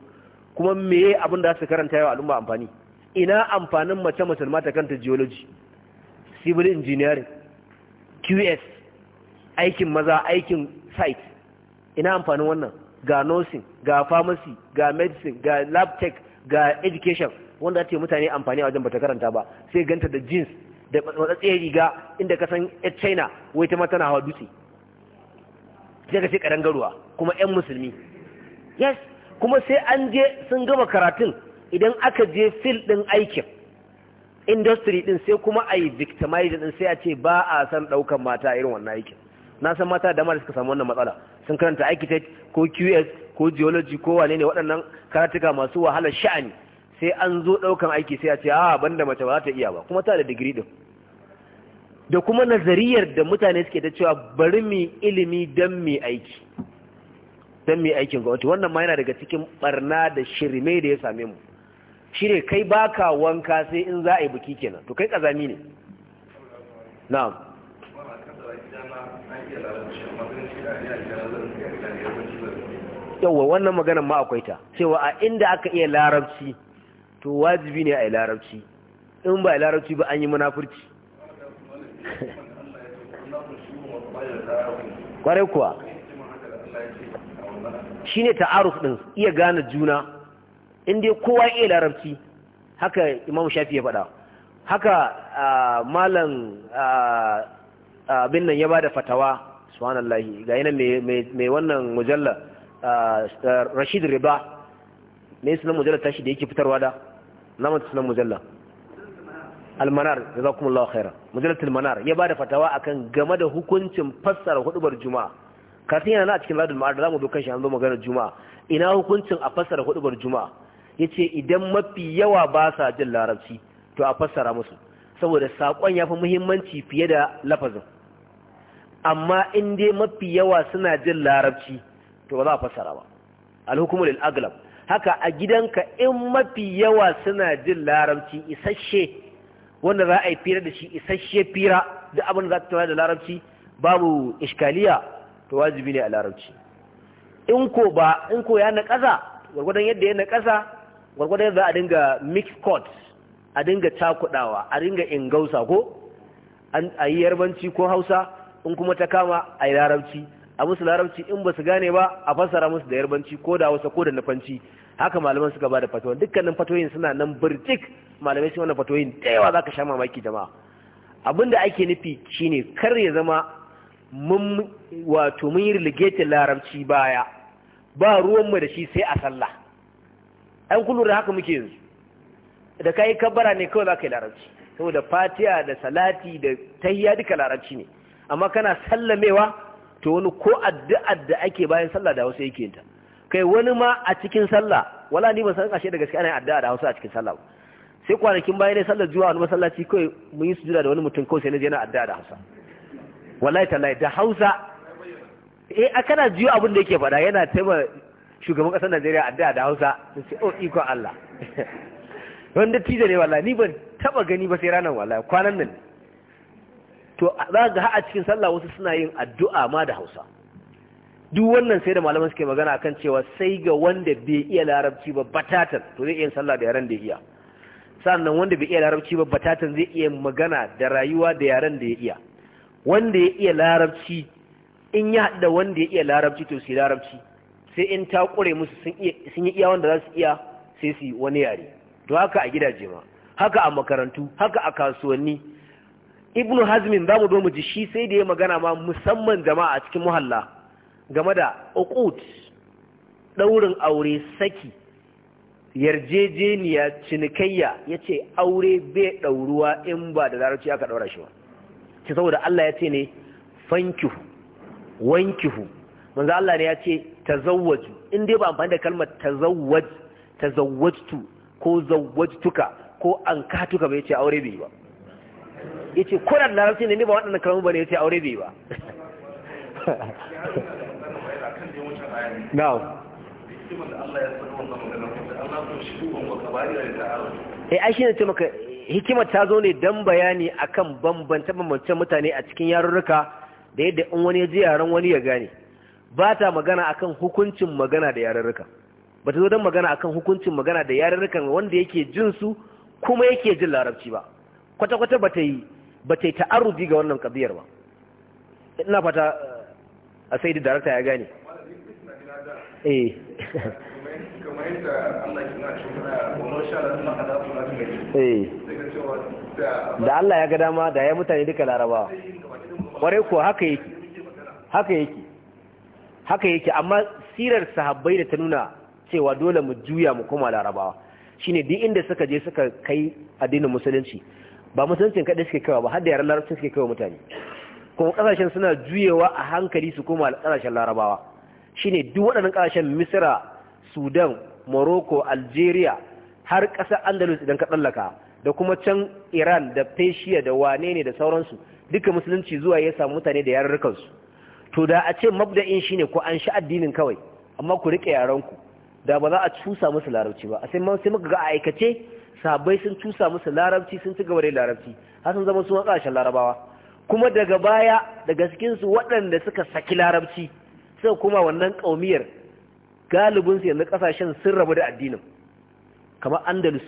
A: kuma meye abin da su karanta yau al'umma amfani ina amfanin mace musulma ta kanta geology civil engineering qs aikin maza aikin site ina amfanin wannan ga nursing ga pharmacy ga medicine ga lab tech ga education wanda ta mutane amfani a wajen bata karanta ba sai ganta da jeans da matsatsiyar riga inda ka san yan china wai ta ma tana hawa dutse sai ka ce karen garuwa kuma yan musulmi yes kuma sai an je sun gama karatun idan aka je fil din aikin industry din sai kuma a yi victimizing din sai a ce ba a san daukan mata irin wannan aikin na san mata da mara suka samu wannan matsala sun karanta architect ko qs ko geology ko wane ne waɗannan karatuka masu wahalar sha'ani sai an zo ɗaukan aiki sai a ce a ah, banda mace ba za ta iya ba kuma ta da digiri ɗin da kuma nazariyar da mutane suke ta cewa bari mu ilimi don mu aiki don mu aikin gwamnati wannan ma yana daga cikin barna da shirme da ya same mu shi kai baka wanka sai in za a yi biki kenan to kai kazami ne na'am yawa wannan maganar ma akwai ta cewa a inda aka iya larabci to wajibi ne a yi larabci in ba a yi larabci ba an yi munafurci kwarai kuwa shi ne ta'aruf ɗin iya gane juna inda kowa iya larabci haka imam shafi ya faɗa haka malam abin nan ya ba da fatawa subhanallahi ga yana mai wannan mujalla rashid riba mai sunan mujalla tashi da yake fitarwa da namun sunan mujalla almanar ya za kuma lawa khaira mujallatul manar ya ba da fatawa akan game da hukuncin fassara hudubar juma'a kafin yana na cikin ladin ma'ar da zamu dokan shi an zo magana juma'a ina hukuncin a fassara hudubar juma'a ce idan mafi yawa ba sa jin larabci to a fassara musu saboda sakon fi muhimmanci fiye da lafazin amma in dai mafi yawa suna jin larabci to ba za a fassara ba al lil aglab haka a gidanka in mafi yawa suna jin larabci isasshe wanda za a yi fira da shi isasshe fira duk abin da za ta da larabci babu iskaliya to wajibi ne a larabci in ko ba in ko ya na ƙasa gwargwadon yadda ya na ƙasa gwargwadon yadda a dinga mix codes a dinga cakudawa a dinga ingausa ko a yi yarbanci ko hausa in kuma ta kama a yi larabci a musu larabci in ba su gane ba a fassara musu da yarbanci ko da wasa ko da nufanci haka malaman suka ba da fatawa dukkanin fatoyin suna nan birtik malamai sun wani fatoyin da yawa za ka sha mamaki jama'a abin da ake nufi shi ne kar ya zama wato mun yi relegated larabci baya ba ruwanmu da shi sai a sallah an kullum da haka muke yanzu da ka yi kabbara ne kawai za ka yi larabci saboda fatiya da salati da tahiya duka larabci ne amma kana sallamewa to wani ko addu'ar da ake bayan sallah da Hausa yake ta kai wani ma a cikin sallah wala ni ban san kashe da gaskiya ana addu'a da Hausa a cikin sallah sai kwanakin bayan ne sallar zuwa wani masallaci kai mun yi sujuda da wani mutum ko sai na je na addu'a da Hausa wallahi tallahi da Hausa eh kana jiyo abin da yake faɗa yana taima shugaban ƙasar Najeriya addu'a da Hausa sai oh iko Allah wanda tije ne wallahi ni ban taba gani ba sai ranar wallahi kwanan nan ne to za ga a cikin sallah wasu suna yin addu'a ma da hausa duk wannan sai da malaman suke magana akan cewa sai ga wanda bai iya larabci ba batatan to zai iya sallah da yaren da iya sannan wanda bai iya larabci ba batatan zai iya magana da rayuwa da yaren da ya iya wanda ya iya larabci in ya da wanda ya iya larabci to sai larabci sai in ta kure musu sun yi iya wanda za su iya sai su wani yare to haka a gidaje ma haka a makarantu haka a kasuwanni ibnu hazmin za mu zo mu ji shi sai da ya magana ma musamman jama'a a cikin muhalla game da uqut ɗaurin aure saki yarjejeniya cinikayya ya ce aure bai ɗauruwa in ba da larabci aka ɗaura shi ba ce saboda Allah ya ce ne fankihu wankihu manzo Allah ne ya ce tazawwaju in dai ba amfani da kalmar tazawwaj tazawwajtu ko zawwajtuka ko katuka bai ce aure bai ba ya ce kodan larabci ne ne ba waɗannan karamu ba ne ya ce aure bai ba now eh ai ce maka hikimar ta zo ne dan bayani akan bambance bambance mutane a cikin yarurruka da yadda in wani ya ji yaran wani ya gane ba ta magana akan hukuncin magana da yarurruka ba ta zo don magana akan hukuncin magana da yarurrukan wanda yake jin su kuma yake jin larabci ba kwata-kwata ba ta yi ba ta yi ta'arruzi ga wannan kabiyar ba ina fata eh, a sai da darakta ya gane eh. eh. da Allah ya ga dama da ya mutane duka larabawa kwarai ko haka yake haka yake haka yake amma sirar sahabbai da ta nuna cewa dole mu juya mu koma larabawa shine duk inda suka je suka kai addinin musulunci ba musulunci kaɗai suke kawo ba har da yaran larabci suke kawo mutane kuma ƙasashen suna juyewa a hankali su koma ƙasashen larabawa shine duk waɗannan ƙasashen misira sudan morocco algeria har ƙasa andalus idan ka tsallaka da kuma can iran da peshiya da wane ne da sauransu duka musulunci zuwa ya samu mutane da yarurrukansu to da a ce mabda'in shine ko an sha addinin kawai amma ku riƙe yaranku da ba za a cusa musu larabci ba a sai sai muka ga a aikace sabai sun cusa musu larabci sun ci gaba da larabci har sun zama su matsashen larabawa kuma daga baya daga su waɗanda suka saki larabci sai kuma wannan ƙaumiyar galibinsu yanzu kasashen sun rabu da addinin kamar andalus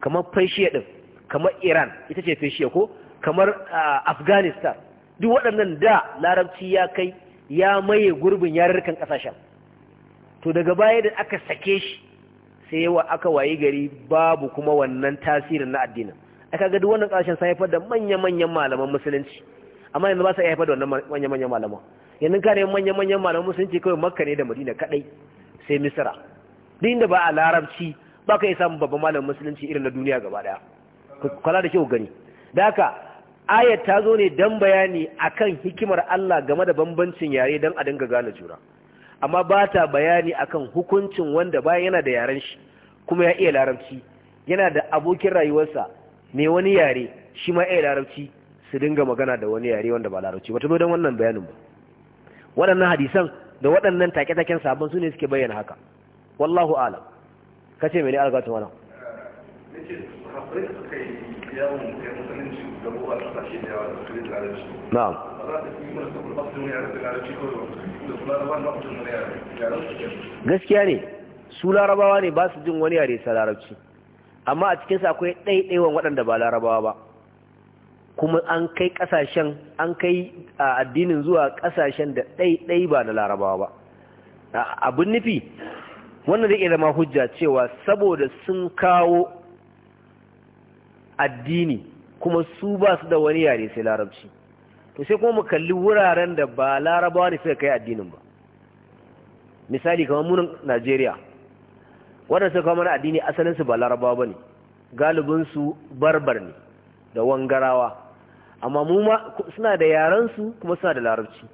A: kamar fashiya din kamar iran ita ce fashiya ko kamar afghanistan duk waɗannan da larabci ya kai ya maye gurbin yarurrukan ƙasashen to daga baya da aka sake shi sai yawa aka wayi gari babu kuma wannan tasirin na addinin aka ga duk wannan kashin sai haifar da manya-manyan malaman musulunci amma yanzu ba sai haifar da wannan manya-manyan malaman yanzu kare manya-manyan malaman musulunci kawai makka ne da madina kaɗai, sai Misira. duk inda ba a larabci ba ka yi samun babban malamin musulunci irin na duniya gaba ɗaya kwala da kyau gani da haka ayat ta zo ne dan bayani akan hikimar Allah game da bambancin yare dan a dinga gane juna amma ba ta bayani akan hukuncin wanda bayan yana da yaren shi kuma ya iya larabci yana da abokin rayuwarsa mai wani yare shi ma iya larabci su dinga magana da wani yare wanda ba larabci ba ta zo don wannan bayanin ba waɗannan hadisan da waɗannan take-taken sabon su ne suke bayyana haka wallahu alam ka ce mene algatu wannan na'am gaskiya ne su larabawa ne ba su jin wani yare sa larabci amma a cikinsa akwai ɗaiɗaiwan waɗanda ba larabawa ba kuma an kai ƙasashen an kai a addinin zuwa ƙasashen da ɗaiɗai ba na larabawa ba abin nufi wannan da ke zama hujja cewa saboda sun kawo addini kuma su ba su da wani yare sai larabci to sai kuma mu kalli wuraren da ba larabawa ne suka kai addinin ba misali kamar munin najeriya waɗanda suka kawo mana addini asalinsu ba larabawa ba ne galibinsu barbar ne da wangarawa amma mu ma suna da yarensu kuma suna da larabci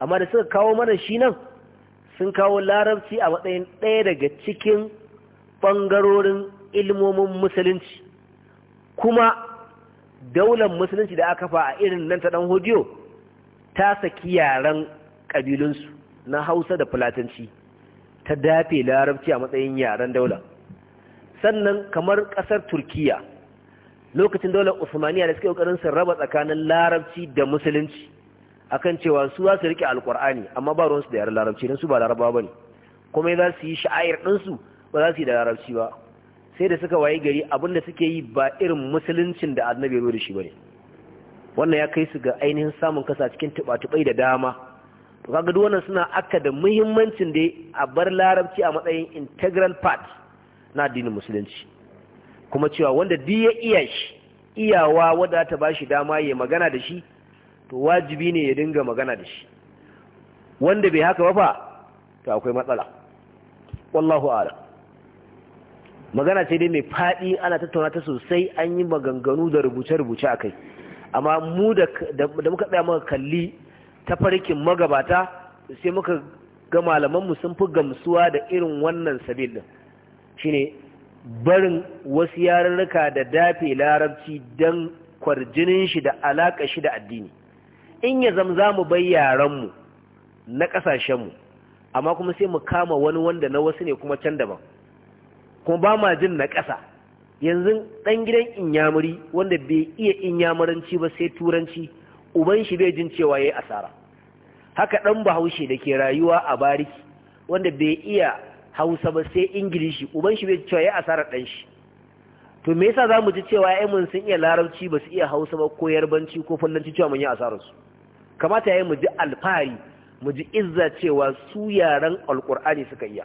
A: amma da suka kawo mana shi nan sun kawo larabci a matsayin ɗaya daga cikin ɓangarorin ilmomin musulunci kuma daular musulunci da aka fa a irin nan ta dan hodiyo ta saki yaren kabilunsu na hausa da fulatanci ta dafe larabci a matsayin yaren daula sannan kamar ƙasar turkiya lokacin daular usmaniya da suke kokarin su raba tsakanin larabci da musulunci akan cewa su za su rike amma ba ruwansu da yaren larabci don su ba larabawa bane kuma za su yi sha'air ɗinsu ba za su yi da larabci ba sai da suka waye gari abinda suke yi ba irin musuluncin da annabi ya zo da shi bane wannan ya kai su ga ainihin samun kasa cikin tubatubai da dama to kaga duk wannan suna aka da muhimmancin da a bar larabci a matsayin integral part na addinin musulunci kuma cewa wanda duk ya iya shi iyawa wadda ta ba shi dama ya magana da shi to wajibi ne ya dinga magana da shi wanda bai haka ba fa to akwai matsala wallahu a'lam magana ce dai mai faɗi ana tattauna ta sosai an yi maganganu da rubuce-rubuce a kai amma mu da muka tsaya muka kalli ta farkin magabata sai muka ga malaman mu sun fi gamsuwa da irin wannan sabil din shine barin wasu yarurruka da dafe larabci don kwarjinin shi da alaƙa shi da addini in ya zamza mu bai mu na mu amma kuma sai mu kama wani wanda na wasu ne kuma can daban kuma ba ma jin na ƙasa yanzu ɗan gidan inyamuri wanda bai iya inyamuranci ba sai turanci uban shi bai jin cewa ya yi asara haka ɗan bahaushe da ke rayuwa a bariki wanda bai iya hausa ba sai ingilishi uban shi bai cewa yi asara ɗan shi to me yasa zamu ji cewa ai mun sun iya larabci ba su iya hausa ba ko yarbanci ko fullanci cewa mun yi asarar su kamata yayi mu ji alfahari mu ji izza cewa su yaran alqur'ani suka iya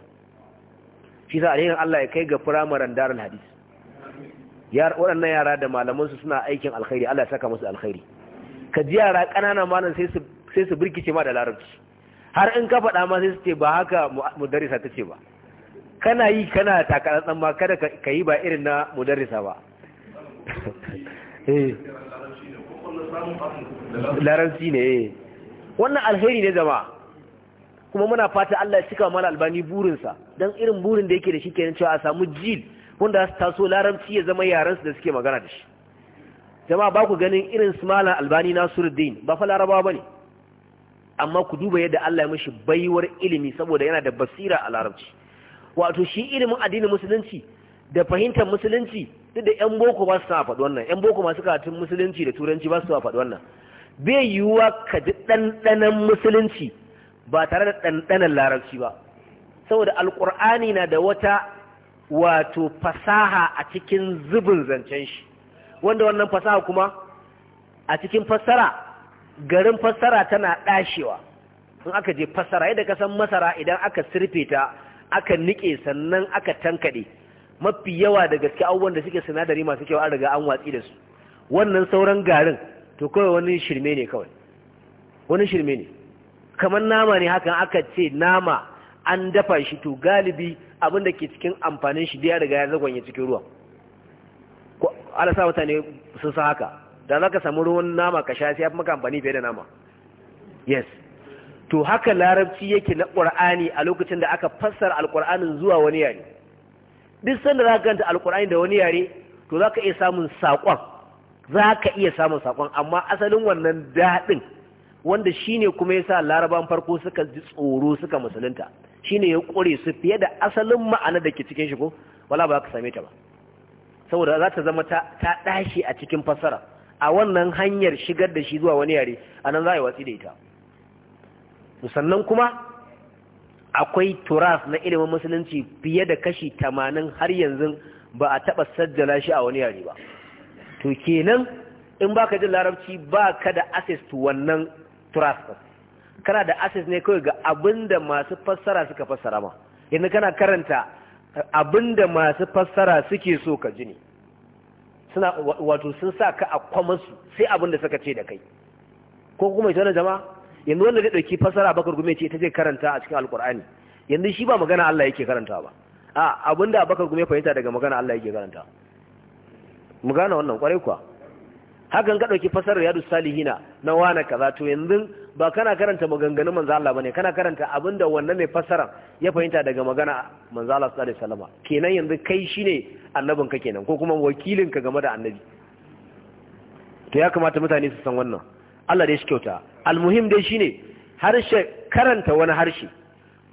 A: shi a alherin Allah ya kai ga firamaren darin hadis waɗannan yara da malamansu suna aikin alkhairi Allah ya saka masu alkhairi ka ji yara ƙanana malam sai su birkice ma da larabci har in ka faɗa ma sai su ce ba haka darisa ta ce ba kana yi kana takaratsan ma kada ka yi ba irin na darisa ba eh. larabci ne eh. wannan alheri ne jama'a kuma muna fata Allah ya cika mana albani burinsa don irin burin da yake da shi kenan cewa a samu jil wanda su taso laramci ya zama yaransu da suke magana da shi jama'a ba ku ganin irin su malam albani nasiruddin ba fa larabawa ne? amma ku duba yadda Allah ya mishi baiwar ilimi saboda yana da basira a larabci wato shi ilimin addinin musulunci da fahimtar musulunci duk da yan boko ba su faɗi wannan yan boko masu karatun musulunci da turanci ba su faɗi wannan bai yiwuwa ka ji ɗanɗanan musulunci ba tare da ɗanɗanan larabci ba saboda alƙur'ani na da wata wato fasaha a cikin zubin zancen shi wanda wannan fasaha kuma a cikin fassara garin fassara tana ɗashewa in aka je fassara yadda ka san masara idan aka sirfe ta aka niƙe sannan aka tankaɗe mafi yawa da gaske abubuwan da suke sinadari masu kyau an riga an watsi da su wannan sauran garin to kawai wani shirme ne kawai wani shirme ne kamar nama ne hakan aka ce nama an dafa shi to galibi abin da ke cikin amfanin shi da ya ya cikin ruwa ko alasa mutane sun sa haka da za ka samu ruwan nama ka sha sai ya fi maka amfani fiye da nama yes to haka larabci yake na ƙur'ani a lokacin da aka fassara alƙur'anin zuwa wani yare duk sanda za ka ganta alƙur'ani da wani yare to za ka iya samun saƙon za ka iya samun saƙon amma asalin wannan daɗin wanda shine kuma ya sa laraban farko suka ji tsoro suka musulunta shine ya kore su fiye da asalin ma'ana da ke cikin shi ko wala ba ka same ta ba saboda za ta zama ta ɗashi a cikin fassara a wannan hanyar shigar da shi zuwa wani yare a nan za a yi watsi da ita sannan kuma akwai turas na ilimin musulunci fiye da kashi tamanin har yanzu ba a taɓa sajjala shi a wani yare ba to kenan in baka jin larabci ba ka da access to wannan trust kana da access ne kawai ga abinda masu fassara suka fassara ma yanzu kana karanta abinda masu fassara suke so ka ji ne suna wato sun sa ka a kwamansu sai abinda suka ce da kai ko kuma ita jama'a yanzu wanda zai dauki fassara bakar gume ce ita zai karanta a cikin alkur'ani yanzu shi ba magana Allah yake karanta ba a abinda bakar gume fahimta daga magana Allah yake karanta mu gane wannan kwarai kuwa hakan ka ɗauki fasarar yadu salihina na wane kaza to yanzu ba kana karanta maganganun manzo Allah bane kana karanta abinda wannan mai fasaran ya fahimta daga magana manzo Allah sallallahu alaihi kenan yanzu kai shine annabin ka kenan ko kuma wakilin ka game da annabi to ya kamata mutane su san wannan Allah dai shi kyauta almuhim dai shine harshe karanta wani harshe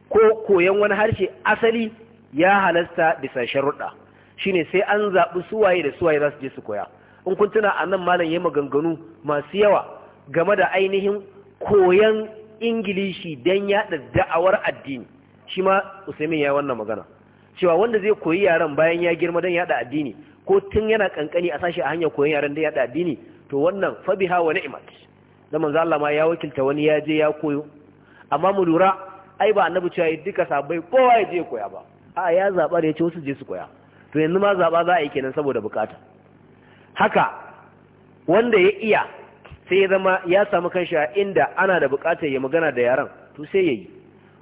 A: ko koyan wani harshe asali ya halasta bisa sharuɗa shine sai an zaɓi suwaye da suwaye za su je su koya in kun tuna a nan malam ya maganganu masu yawa game da ainihin koyan ingilishi don yaɗa da'awar addini shi ma usaimin ya yi wannan magana cewa wanda zai koyi yaren bayan ya girma don yaɗa addini ko tun yana kankani a sashi a hanyar koyan yaren don yaɗa addini to wannan fabiha na ni'mat da manzo Allah ma ya wakilta wani ya je ya koyo amma mu lura ai ba annabi cewa duka sabai kowa ya je koya ba A'a ya zaba da ya ce wasu je su koya to yanzu ma zaba za a yi kenan saboda bukata haka wanda ya iya sai ya zama ya samu kanshi a inda ana da bukatar ya magana da yaran to sai ya yi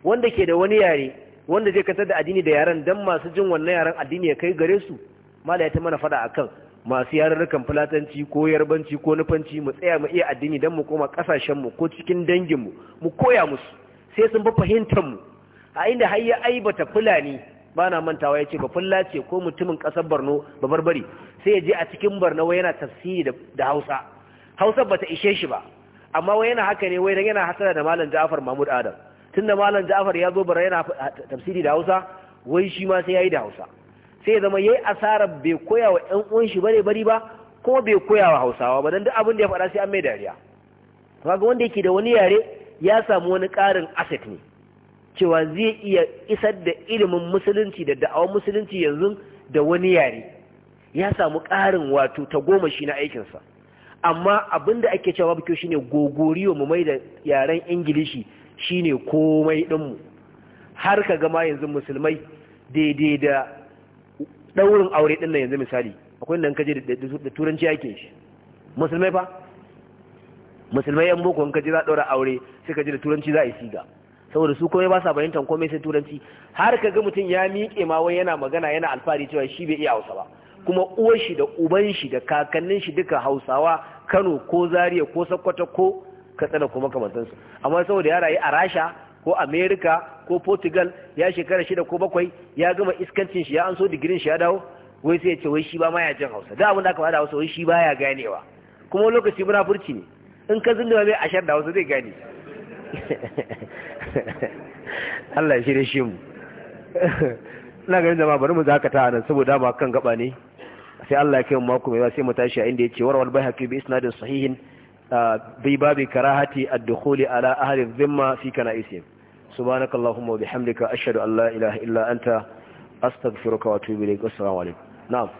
A: wanda ke da wani yare wanda zai katar da addini da yaran don masu jin wannan yaran addini ya kai gare su mala ya ta mana fada akan masu yarurrukan fulatanci ko yarbanci ko nufanci mu tsaya mu iya addini don mu koma kasashenmu ko cikin danginmu mu koya musu sai sun fi fahimtar mu a inda har ya aibata fulani ba na mantawa ya ce ba fullace ko mutumin ƙasar barno ba barbari sai ya je a cikin borno wai yana tafsiri da hausa hausa ba ta ishe shi ba amma wai yana haka ne wai dan yana hasara da malam ja'afar mahmud adam tunda malam ja'afar ya zo bara yana tafsiri da hausa wai shi ma sai yi da hausa sai ya zama yayi asara bai koya wa ɗan uwan shi bare bari ba ko bai koya wa hausawa ba dan duk abin da ya faɗa sai an mai dariya kaga wanda yake da wani yare ya samu wani ƙarin asset ne cewa zai iya isar da ilimin musulunci da da'awar musulunci yanzu da wani yare ya samu ƙarin wato ta goma shi na aikinsa amma abin da ake cewa babu kyau shine gogoriyo mu mai da yaren ingilishi shine komai ɗinmu har ka gama yanzu musulmai daidai da ɗaurin aure ɗin nan yanzu misali akwai nan kaje da turanci yake shi musulmai fa musulmai yan boko kaje za a ɗaura aure sai kaje da turanci za a yi siga saboda su komai ba sa bayyantan komai sai turanci har ka ga mutum ya miƙe ma wai yana magana yana alfahari cewa shi bai iya hausa ba kuma uwar shi da uban shi da kakannin shi duka hausawa kano ko zaria ko sokoto ko katsina kuma su amma saboda ya rayu a rasha ko america ko portugal ya shekara shida ko bakwai ya gama iskancin shi ya an so digirin shi ya dawo wai sai ya ce wai shi ba ma ya jin hausa da abin da aka faɗa hausa wai shi ba ya ganewa kuma lokaci munafurci ne in ka zunda mai ashar da hausa zai gane Allah ya shirye shi mu ina ganin da ma bari mu zakata nan saboda ba kan gaba ne sai Allah ya kai mu mako mai sai mu tashi a inda yake warwal bayhaqi bi isnadin sahihin bi babi karahati ad-dukhuli ala ahli dhimma fi kana'isihim subhanakallahumma wa bihamdika ashhadu an la ilaha illa anta astaghfiruka wa atubu ilayk assalamu alaikum na'am